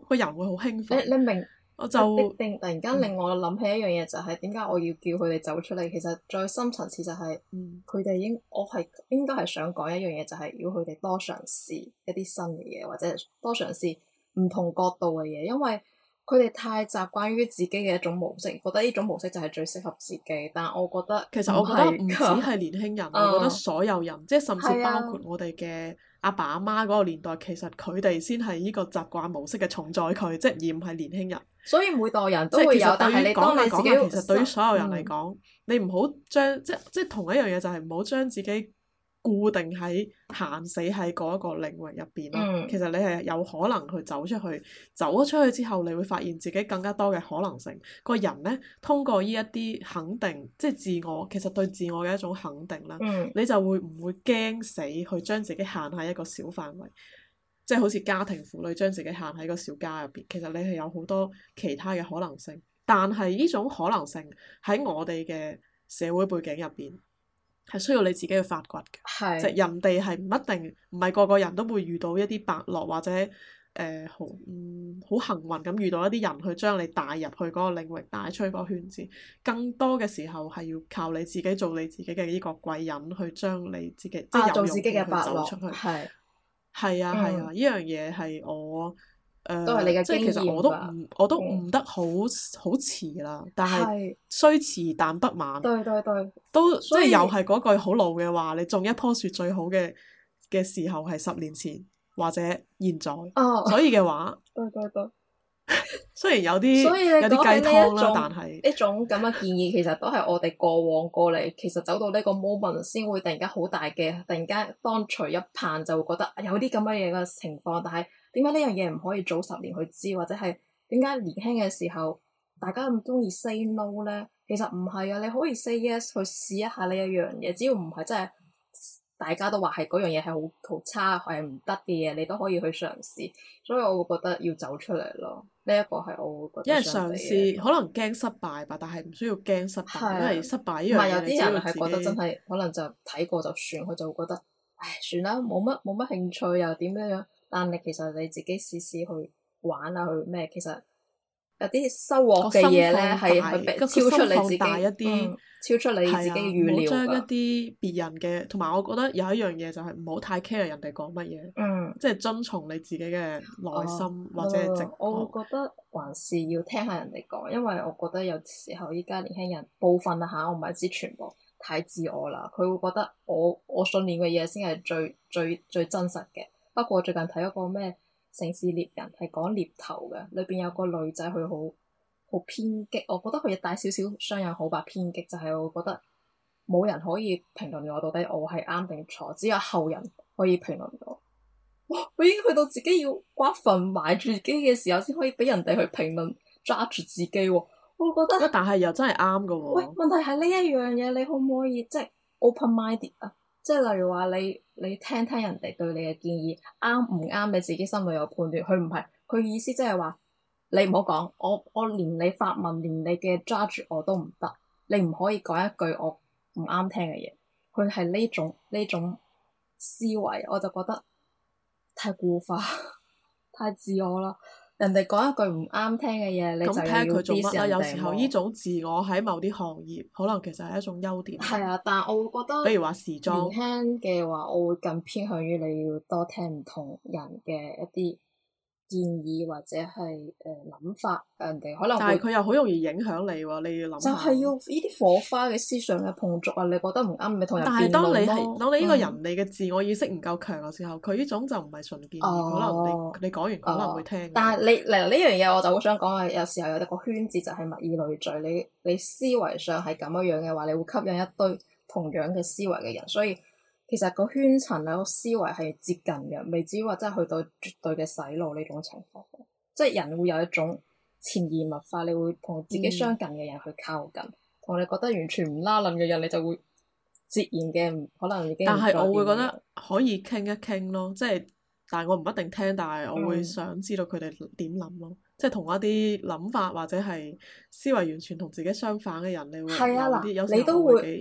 個、嗯、人會好興奮。你你明？我就令突然間令我諗起一樣嘢，就係點解我要叫佢哋走出嚟？其實再深層次就係、係，佢哋、嗯、應我係應該係想講一樣嘢，就係要佢哋多嘗試一啲新嘅嘢，或者多嘗試唔同角度嘅嘢，因為。佢哋太習慣於自己嘅一種模式，覺得呢種模式就係最適合自己。但我覺得其實我覺得唔止係年輕人，嗯、我覺得所有人，即係甚至包括我哋嘅阿爸阿媽嗰個年代，啊、其實佢哋先係呢個習慣模式嘅重載佢，即係而唔係年輕人。所以每代人都會有，但係你講嚟講去，其實對於所有人嚟講，嗯、你唔好將即即係同一樣嘢，就係唔好將自己。固定喺，限死喺嗰一個領域入邊啦，其實你係有可能去走出去，走咗出去之後，你會發現自己更加多嘅可能性。個人咧，通過呢一啲肯定，即係自我，其實對自我嘅一種肯定啦，你就會唔會驚死去將自己限喺一個小範圍，即係好似家庭婦女將自己限喺個小家入邊，其實你係有好多其他嘅可能性，但係呢種可能性喺我哋嘅社會背景入邊。係需要你自己去發掘嘅，就的人哋係唔一定，唔係個個人都會遇到一啲伯樂或者誒好、呃、嗯好幸運咁遇到一啲人去將你帶入去嗰個領域，帶出去個圈子。更多嘅時候係要靠你自己做你自己嘅呢個貴人去將你自己、啊、即係有自己嘅勇氣去走出去。係係啊係啊，呢樣嘢係我。誒，即係、呃、其實我都唔，我都唔得好好遲啦，但係雖遲但不晚。對對對，都即係以又係嗰句好老嘅話，你種一棵樹最好嘅嘅時候係十年前或者現在。哦，所以嘅話， 對對對，雖然有啲雞湯，所以你講嘅呢一種一是種咁嘅建議，其實都係我哋過往過嚟，其實走到呢個 moment 先會突然間好大嘅，突然間當隨一棒就會覺得有啲咁嘅嘢嘅情況，但係。點解呢樣嘢唔可以早十年去知，或者係點解年輕嘅時候大家咁中意 say no 咧？其實唔係啊，你可以 say yes 去試一下呢一樣嘢，只要唔係真係大家都話係嗰樣嘢係好好差係唔得嘅嘢，你都可以去嘗試。所以我會覺得要走出嚟咯。呢一個係我會覺得因為嘗試可能驚失敗吧，但係唔需要驚失敗，的因為失敗依樣嘢。唔係有啲人係覺得真係己可能就睇過就算，佢就會覺得唉，算啦，冇乜冇乜興趣又點樣樣。但你其實你自己試試去玩啊，去咩？其實有啲收穫嘅嘢咧，係去超出你自己一啲、嗯，超出你自己預、啊、料將一啲別人嘅，同埋我覺得有一樣嘢就係唔好太 care 人哋講乜嘢，嗯，即係遵從你自己嘅內心或者係直、哦哦、我會覺得還是要聽下人哋講，因為我覺得有時候依家年輕人部分啊，吓我唔係指全部太自我啦。佢會覺得我我信念嘅嘢先係最最最,最真實嘅。不過最近睇一個咩城市獵人係講獵頭嘅，裏邊有個女仔佢好好偏激，我覺得佢有大少少傷人，好吧偏激，就係我覺得冇人可以評論我到底我係啱定錯，只有後人可以評論我。哇！我已經去到自己要刮粉埋住自己嘅時候，先可以俾人哋去評論抓住自己喎。我覺得，但係又真係啱㗎喎。喂，問題係呢一樣嘢，你可唔可以即係 open minded 啊？即係例如話你。你聽聽人哋對你嘅建議啱唔啱，合合你自己心裏有判斷。佢唔係佢意思，即係話你唔好講我，我連你發問，連你嘅抓住我都唔得，你唔可以講一句我唔啱聽嘅嘢。佢係呢種呢種思維，我就覺得太固化、太自我啦。人哋講一句唔啱聽嘅嘢，你就要聽佢做乜咧？有時候呢種自我喺某啲行業，可能其實係一種優點。係啊，但係我會覺得，比如話時裝。年輕嘅話，我會更偏向於你要多聽唔同人嘅一啲，建議或者係誒諗法，人哋可能會但係佢又好容易影響你喎、啊，你要諗下。就係要呢啲火花嘅思想嘅碰撞啊！你覺得唔啱咪同人、啊，但係當你係、嗯、當你呢個人，你嘅自我意識唔夠強嘅時候，佢呢種就唔係純建議，哦、可能你你講完可能會聽、哦哦。但係你嚟呢樣嘢，這個、我就好想講啊！有時候有個圈子就係物以類聚，你你，你思維上係咁樣嘅話，你會吸引一堆同樣嘅思維嘅人，所以。其實個圈層咧，個思維係接近嘅，未至於話真係去到絕對嘅洗腦呢種情況。即係人會有一種潛移默化，你會同自己相近嘅人去靠近，同、嗯、你覺得完全唔拉褦嘅人，你就會截然嘅唔可能已經。但係我會覺得可以傾一傾咯，即係但係我唔一定聽，但係我會想知道佢哋點諗咯。嗯即係同一啲諗法或者係思維完全同自己相反嘅人，你會有啲，啊、有時會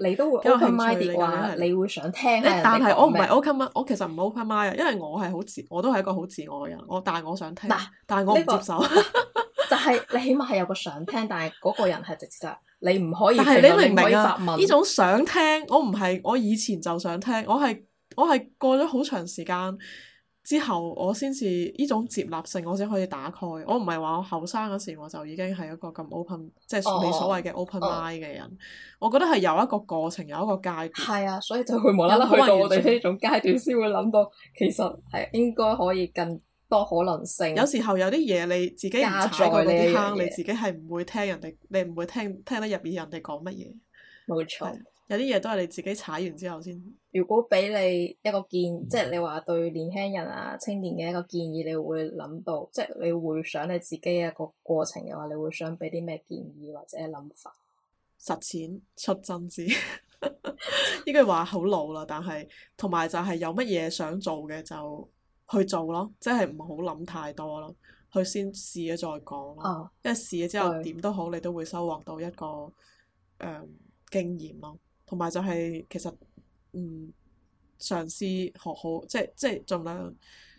你都會因奇怪，你會想聽。但係是我唔係 open mind，我其實唔係 open mind，因為我係好自，我都係一個好自我嘅人。我但係我想聽。嘩但係我唔接受。這個、 就係你起碼係有個想聽，但係嗰個人係直接， 你唔可以，可以。但係你明唔明啊？呢種想聽，我唔係我以前就想聽，我係我係過咗好長時間。之後我先至呢種接納性，我先可以打開。我唔係話我後生嗰時我就已經係一個咁 open，即係你所謂嘅 open mind 嘅人。Oh, oh. 我覺得係有一個過程，有一個階段。係啊，所以就會無啦啦去到我哋呢種階段，先會諗到其實係應該可以更多可能性。有時候有啲嘢你自己唔踩過嗰啲坑，在你，你自己係唔會聽人哋，你唔會聽聽得入耳人哋講乜嘢。冇錯錯、啊，有啲嘢都係你自己踩完之後先。如果俾你一個建議，即、就、係、是、你話對年輕人啊、青年嘅一個建議，你會諗到，即、就、係、是、你會想你自己一個過程嘅話，你會想俾啲咩建議或者諗法？實踐出真知，呢句話好老啦，但係同埋就係有乜嘢想做嘅就去做咯，即係唔好諗太多咯，去先試咗再講咯，啊、因為試咗之後點對都好，你都會收穫到一個誒、呃、經驗咯，同埋就係、是、其實，嗯，嘗試學好，即係即係盡量，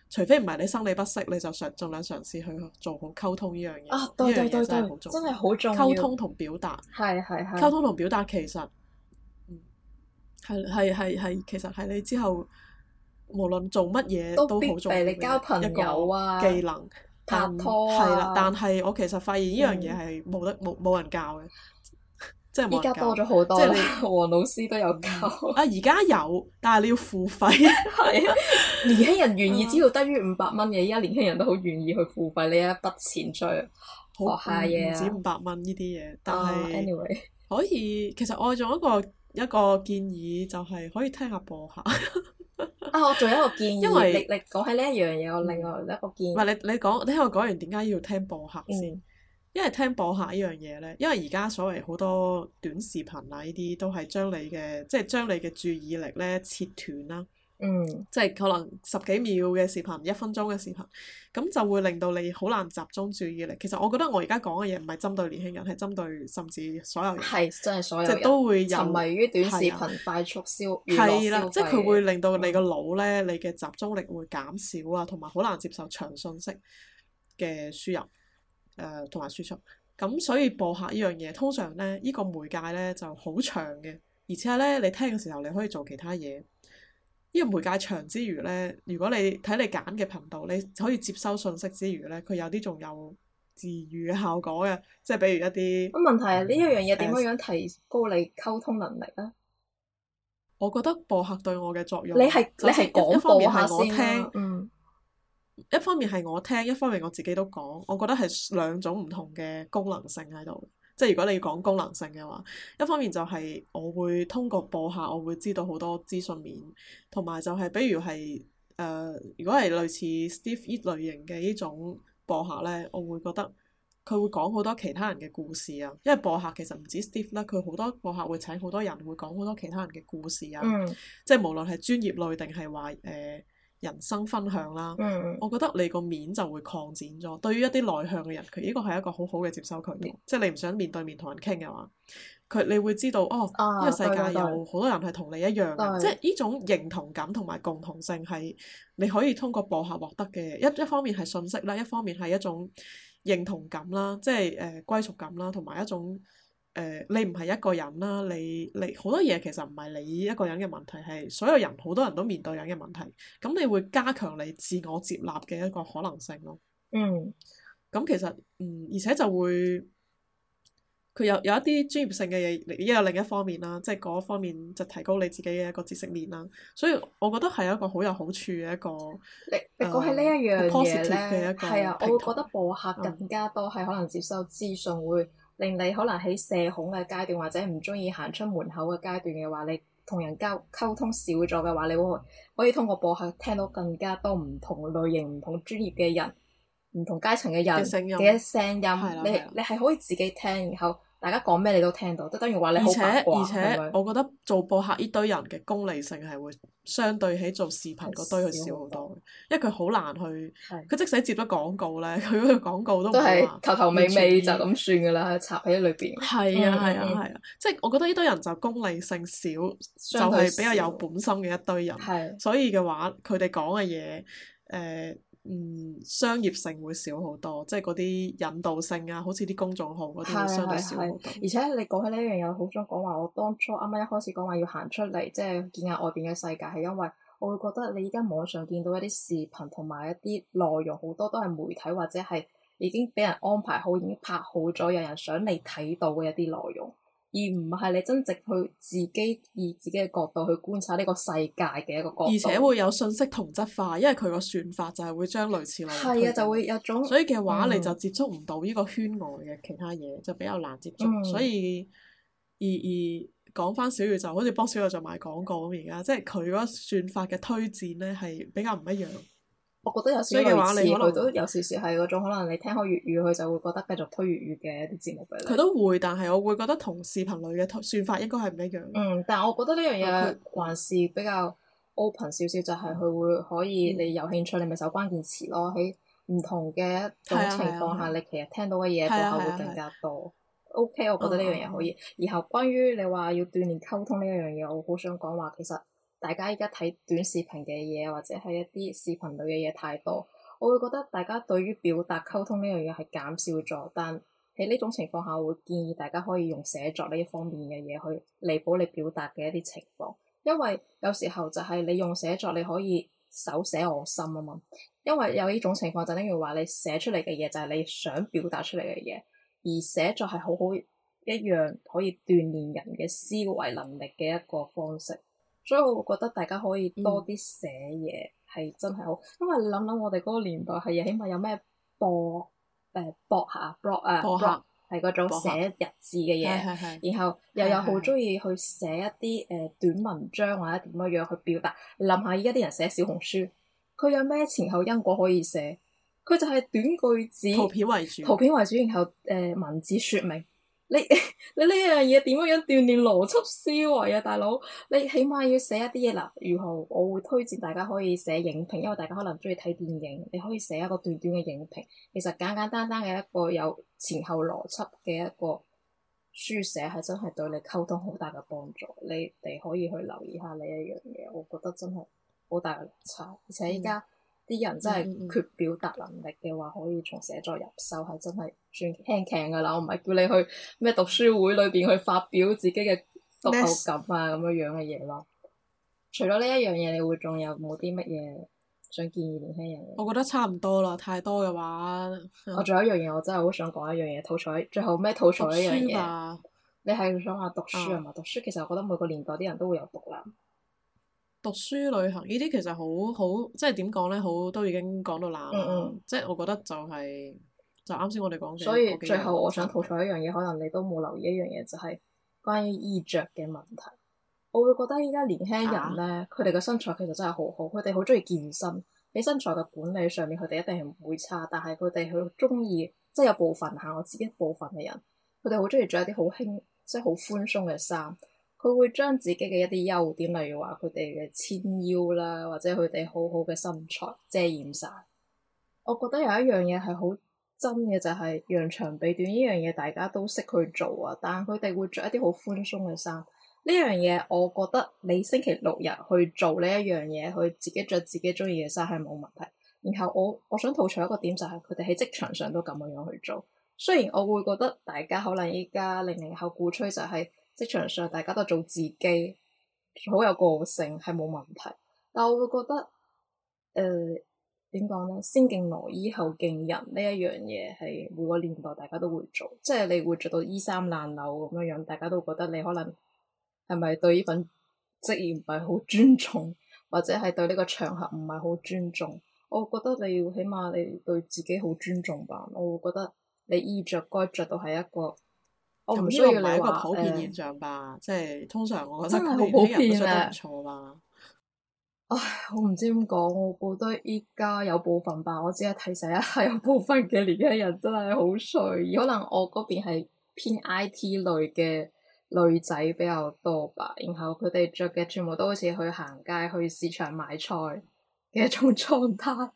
除非唔係你生理不適，你就嘗盡量嘗試去做好溝通呢樣嘢。啊，對對對對，真係好重要。重要，溝通同表達，係。溝通同表達其實，係係係其實係你之後無論做乜嘢都好重要，你交朋友嘅一個技能。拍拖啊，係啦，但係我其實發現呢樣嘢係冇得冇冇、嗯、人教嘅。即係而家多咗好多，即係你黃老師都有教。啊！而家有，但係你要付費。係啊，年輕人願意只要低於五百蚊嘅，依家年輕人都好願意去付費呢一筆錢去學下嘢啊。唔止五百蚊呢啲嘢，但係 anyway 可以。其實我仲有一個一個建議，就係可以聽下播客。啊！我仲有一個建議，因為你你講起呢一樣嘢，我另外一個建議。唔係你你講，聽我講完點解要聽播客先？因為聽播客呢樣嘢呢，因為而家所謂好多短視頻啊呢啲，都係將你嘅即係將你嘅注意力咧切斷啦。嗯。即係可能十幾秒嘅視頻，一分鐘嘅視頻，咁就會令到你好難集中注意力。其實我覺得我而家講嘅嘢唔係針對年輕人，係針對甚至所有人。係，真係所有人都會有沉迷於短視頻、快速消、啊、娛樂消費，係啦，即係佢會令到你個腦呢，你嘅集中力會減少啊，同埋好難接受長信息嘅輸入。誒，同埋輸出，咁所以播客呢樣嘢，通常呢，呢、呢個媒介呢就好長嘅，而且呢，你聽嘅時候你可以做其他嘢。呢、呢個媒介長之餘呢，如果你睇你揀嘅頻道，你可以接收信息之餘呢，佢有啲仲有治愈嘅效果嘅，即係比如一啲。咁問題係呢一樣嘢點樣樣提高你溝通能力啊？我覺得播客對我嘅作用，你係是其你係講播客先我聽，嗯。一方面係我聽，一方面我自己都講，我覺得係兩種唔同嘅功能性喺度。即係如果你要講功能性嘅話，一方面就係我會通過播客，我會知道好多資訊面，同埋就係比如係誒，呃，如果係類似 Steve 依類型嘅依種播客咧，我會覺得佢會講好多其他人嘅故事啊。因為播客其實唔止 Steve 啦，佢好多播客會請好多人會講好多其他人嘅故事啊。嗯，即係無論係專業類定係話誒。人生分享啦，mm hmm. 我覺得你個面就會擴展咗。對於一啲內向嘅人，佢呢個係一個好好嘅接收渠道，mm hmm. 即係你唔想面對面同人傾嘅話，佢你會知道哦，呢、ah, 個世界有好多人係同你一樣嘅，mm hmm. 即係呢種認同感同埋共同性係你可以通過播客獲得嘅，一一方面係信息啦，一方面係一,一種認同感啦，即係誒歸屬感啦，同埋一種。誒、呃，你唔係一個人啦，你你好多嘢其實唔係你一個人嘅問題，係所有人好多人都面對緊嘅問題，咁你會加強你自我接納嘅一個可能性咯。嗯，咁其實嗯，而且就會佢有有一啲專業性嘅嘢，亦有另一方面啦，即係嗰方面就提高你自己嘅一個知識面啦，所以我覺得係一個好有好處嘅一個。你你講起呢一樣嘢咧，係啊，我會覺得播客更加多係、嗯、可能接受資訊會。令你可能喺社恐嘅階段，或者唔鍾意行出門口嘅階段嘅話，你同人交溝通少咗嘅話，你會可以通過播客聽到更加多唔同類型、唔同專業嘅人、唔同階層嘅人嘅聲音。一聲音你你係可以自己聽，然後。大家講咩你都聽到，即等當然你話你好八卦。而且而且，而且是是我覺得做播客呢堆人嘅功利性係會相對喺做視頻嗰堆去少好多，多因為佢好難去。佢的即使接咗廣告咧，佢嗰個廣告都都係頭頭尾尾就咁算噶啦，插喺裏邊。係啊係啊係啊，即係、嗯嗯、我覺得呢堆人就功利性少，相對 就係比較有本心嘅一堆人。的的所以嘅話佢哋講嘅嘢，誒。呃嗯，商業性會少好多，即係嗰啲引導性啊，好似啲公眾號嗰啲會相對少好多。而且你講起呢一樣嘢，好想講話我當初啱啱一開始講話要行出嚟，即係見下外邊嘅世界，係因為我會覺得你依家網上見到一啲視頻同埋一啲內容，好多都係媒體或者係已經俾人安排好，已經拍好咗，有人想你睇到嘅一啲內容。而唔係你真正去自己以自己嘅角度去觀察呢個世界嘅一個角度，而且會有信息同質化，因為佢個算法就係會將類似內容，係啊，就會有種，所以嘅話、嗯、你就接觸唔到呢個圈外嘅其他嘢，就比較難接觸，嗯、所以而而講翻，小宇宙就好似幫小宇宙做賣廣告咁而家，即係佢嗰個算法嘅推薦咧係比較唔一樣。我覺得有少少，所以嘅話你可能都有少少係嗰種，可能你聽開粵語，佢就會覺得繼續推粵語嘅一啲節目俾。佢都會，但係我會覺得同視頻類嘅算法應該係唔一樣。嗯，但係我覺得呢樣嘢還是比較 open 少少，就係佢會可以、嗯、你有興趣，你咪搜關鍵詞咯。喺唔同嘅一種情況下，yeah, yeah, yeah, yeah. 你其實聽到嘅嘢嗰下會更加多。Yeah, yeah, yeah, yeah. OK，我覺得呢樣嘢可以。Uh huh. 然後關於你話要鍛鍊溝通呢一樣嘢，我好想講話其實。大家依家睇短視頻嘅嘢，或者係一啲視頻裏嘅嘢太多，我會覺得大家對於表達溝通呢樣嘢係減少咗。但喺呢種情況下，我會建議大家可以用寫作呢一方面嘅嘢去彌補你表達嘅一啲情況。因為有時候就係你用寫作，你可以手寫我心啊嘛。因為有呢種情況就等於話，你寫出嚟嘅嘢就係你想表達出嚟嘅嘢，而寫作係好好一樣可以鍛鍊人嘅思維能力嘅一個方式。所以我覺得大家可以多啲寫嘢係、嗯、真係好，因為你諗諗我哋嗰個年代係起碼有咩 blog，誒 blog 啊 blog 啊係嗰種寫日誌嘅嘢，下然後又有好中意去寫一啲誒、呃、短文章或者點樣樣去表達。諗下依家啲人寫小紅書，佢有咩前後因果可以寫？佢就係短句子、圖片為主、圖片為主，然後誒、呃、文字説明。你你呢樣嘢點樣樣鍛煉邏輯思維啊，大佬！你起碼要寫一啲嘢啦。然後我會推薦大家可以寫影評，因為大家可能中意睇電影，你可以寫一個短短嘅影評。其實簡簡單單嘅一個有前後邏輯嘅一個書寫，係真係對你溝通好大嘅幫助。你哋可以去留意下呢一樣嘢，我覺得真係好大嘅差。而且依家。嗯啲人真係缺表達能力嘅話，可以從寫作入手，係真係算輕鬆㗎啦。我唔係叫你去咩讀書會裏邊去發表自己嘅讀後感啊，咁樣樣嘅嘢咯。除咗呢一樣嘢，你會仲有冇啲乜嘢想建議年輕人？我覺得差唔多啦，太多嘅話。 我仲有一樣嘢，我真係好想講一樣嘢，吐槽，最後咩吐槽一樣嘢？你係想話讀書啊嘛？讀書、啊、讀書其實我覺得每個年代啲人都會有讀啦。讀書旅行呢啲其實好好，即係點講咧？好都已經講到爛啦，嗯嗯，即係我覺得就係、是、就啱先我哋講嘅。所以最後我想吐槽一樣嘢，可能你都冇留意一樣嘢，就係、是、關於衣着嘅問題。我會覺得依家年輕人咧，佢哋嘅身材其實真係好好，佢哋好中意健身，喺身材嘅管理上面佢哋一定係唔會差。但係佢哋好中意，即、就、係、是、有部分吓我自己一部分嘅人，佢哋好中意着一啲好輕，即係好寬鬆嘅衫。佢會將自己嘅一啲優點，例如話佢哋嘅纖腰啦，或者佢哋好好嘅身材遮掩晒。我覺得有一樣嘢係好真嘅，就係揚長避短呢樣嘢，大家都識去做啊。但係佢哋會着一啲好寬鬆嘅衫，呢樣嘢我覺得你星期六日去做呢一樣嘢，去自己着自己中意嘅衫係冇問題。然後我我想吐槽一個點就係佢哋喺職場上都咁嘅樣去做。雖然我會覺得大家可能依家零零後鼓吹就係、是。職場上，大家都做自己，好有個性係冇問題。但我會覺得，誒點講咧？先敬羅衣，後敬人呢一樣嘢係每個年代大家都會做，即係你會着到衣衫爛褸咁樣樣，大家都覺得你可能係咪對呢份職業唔係好尊重，或者係對呢個場合唔係好尊重？我會覺得你要起碼你對自己好尊重吧。我會覺得你衣着該着到係一個。我唔需要你一個普遍現象吧？嗯，即係通常我覺得年輕人都唔錯吧？唉，我唔知點講，我覺得依家有部分吧，我只係提醒一下，有部分嘅年輕人真係好衰。可能我嗰邊係偏 I T 類嘅女仔比較多吧，然後佢哋着嘅全部都好似去行街、去市場買菜嘅一種狀態。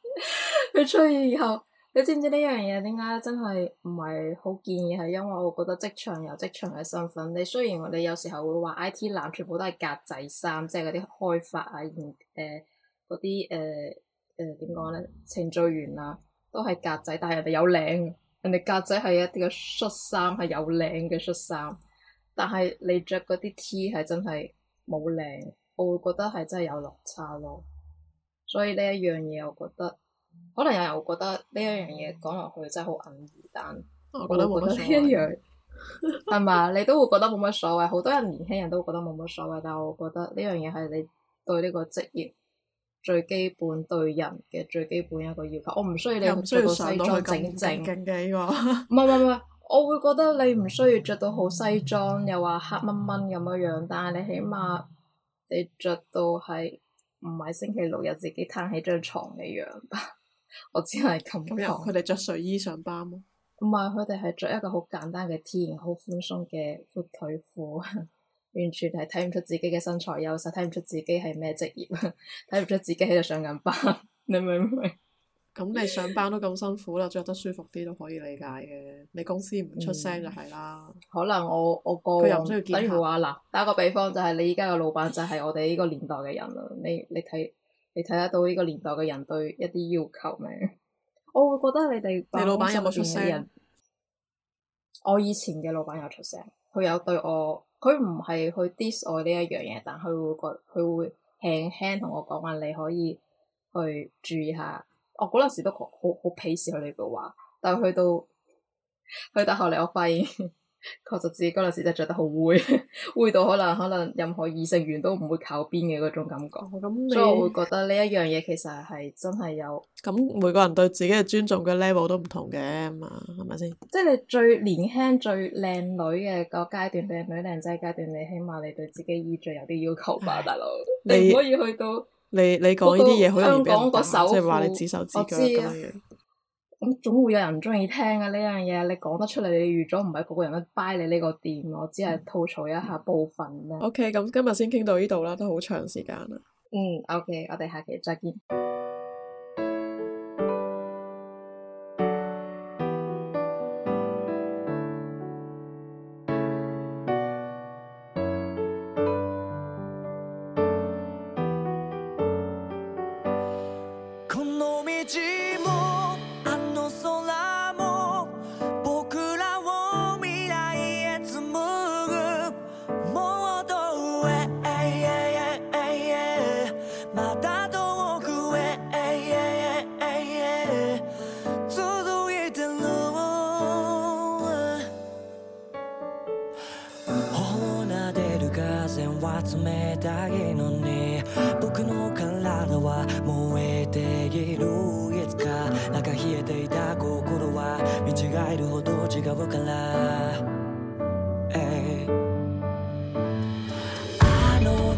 佢 出現以後。你知唔知呢樣嘢點解真係唔係好建議？係因為我覺得職場有職場嘅身份。你雖然你有時候會話 I T 男全部都係格仔衫，即係嗰啲開發啊、誒嗰啲誒誒點講咧？程序員啊，都係格仔，但係人哋有領，人哋格仔係一啲嘅恤衫，係有領嘅恤衫。但係你着嗰啲 T 係真係冇領，我會覺得係真係有落差咯。所以呢一樣嘢，我覺得。可能有人會覺得呢一樣嘢講落去真係好黯然，但我覺得冇乜嘢，係嘛？ 你都會覺得冇乜所謂。好多人年輕人都會覺得冇乜所謂，但係我覺得呢樣嘢係你對呢個職業最基本對人嘅最基本一個要求。我唔需要你着到西裝整正嘅呢、這個。唔係唔係唔係，我會覺得你唔需要着到好西裝，又話黑蚊蚊咁樣樣。但係你起碼你着到係唔係星期六日自己攤喺張床嘅樣吧。我只係咁樣，佢哋着睡衣上班咯，唔係佢哋係着一個好簡單嘅 T，好寬鬆嘅闊腿褲，完全係睇唔出自己嘅身材優勢，睇唔出自己係咩職業，睇唔出自己喺度上緊班， 你明唔明？咁你上班都咁辛苦啦，着得舒服啲都可以理解嘅。你公司唔出聲就係啦，可能我我個，個又唔需要見客。比如嗱，打個比方就係、是、你依家嘅老闆就係我哋呢個年代嘅人啦，你你睇。你睇得到呢個年代嘅人對一啲要求咩？ 我會覺得你哋你老闆有冇出聲？我以前嘅老闆有出聲，佢有，有對我，佢唔係去 dis 我呢一樣嘢，但佢會覺佢會，會輕輕同我講話，你可以去注意下。 我嗰陣時都好好鄙視佢哋嘅話，但去到去到後嚟，我發現。 確實自己嗰陣時真係着得好猥，猥到可能可能任何異性緣都唔會靠邊嘅嗰種感覺，你所以我會覺得呢一樣嘢其實係真係有。咁每個人對自己嘅尊重嘅 level 都唔同嘅嘛，係咪先？即係你最年輕、最靚女嘅個階段，靚女靚仔階段，你起碼你對自己衣着有啲要求吧，大佬？你唔可以去到你你講呢啲嘢好容易俾人即係話你指手指腳咁樣。 咁總會有人中意聽啊。呢樣嘢，你講得出嚟，你預咗唔係個個人都 buy 你呢個店，我只係吐槽一下部分啦。嗯。OK，咁今日先傾到呢度啦，都好長時間啦。嗯，OK，我哋下期再見。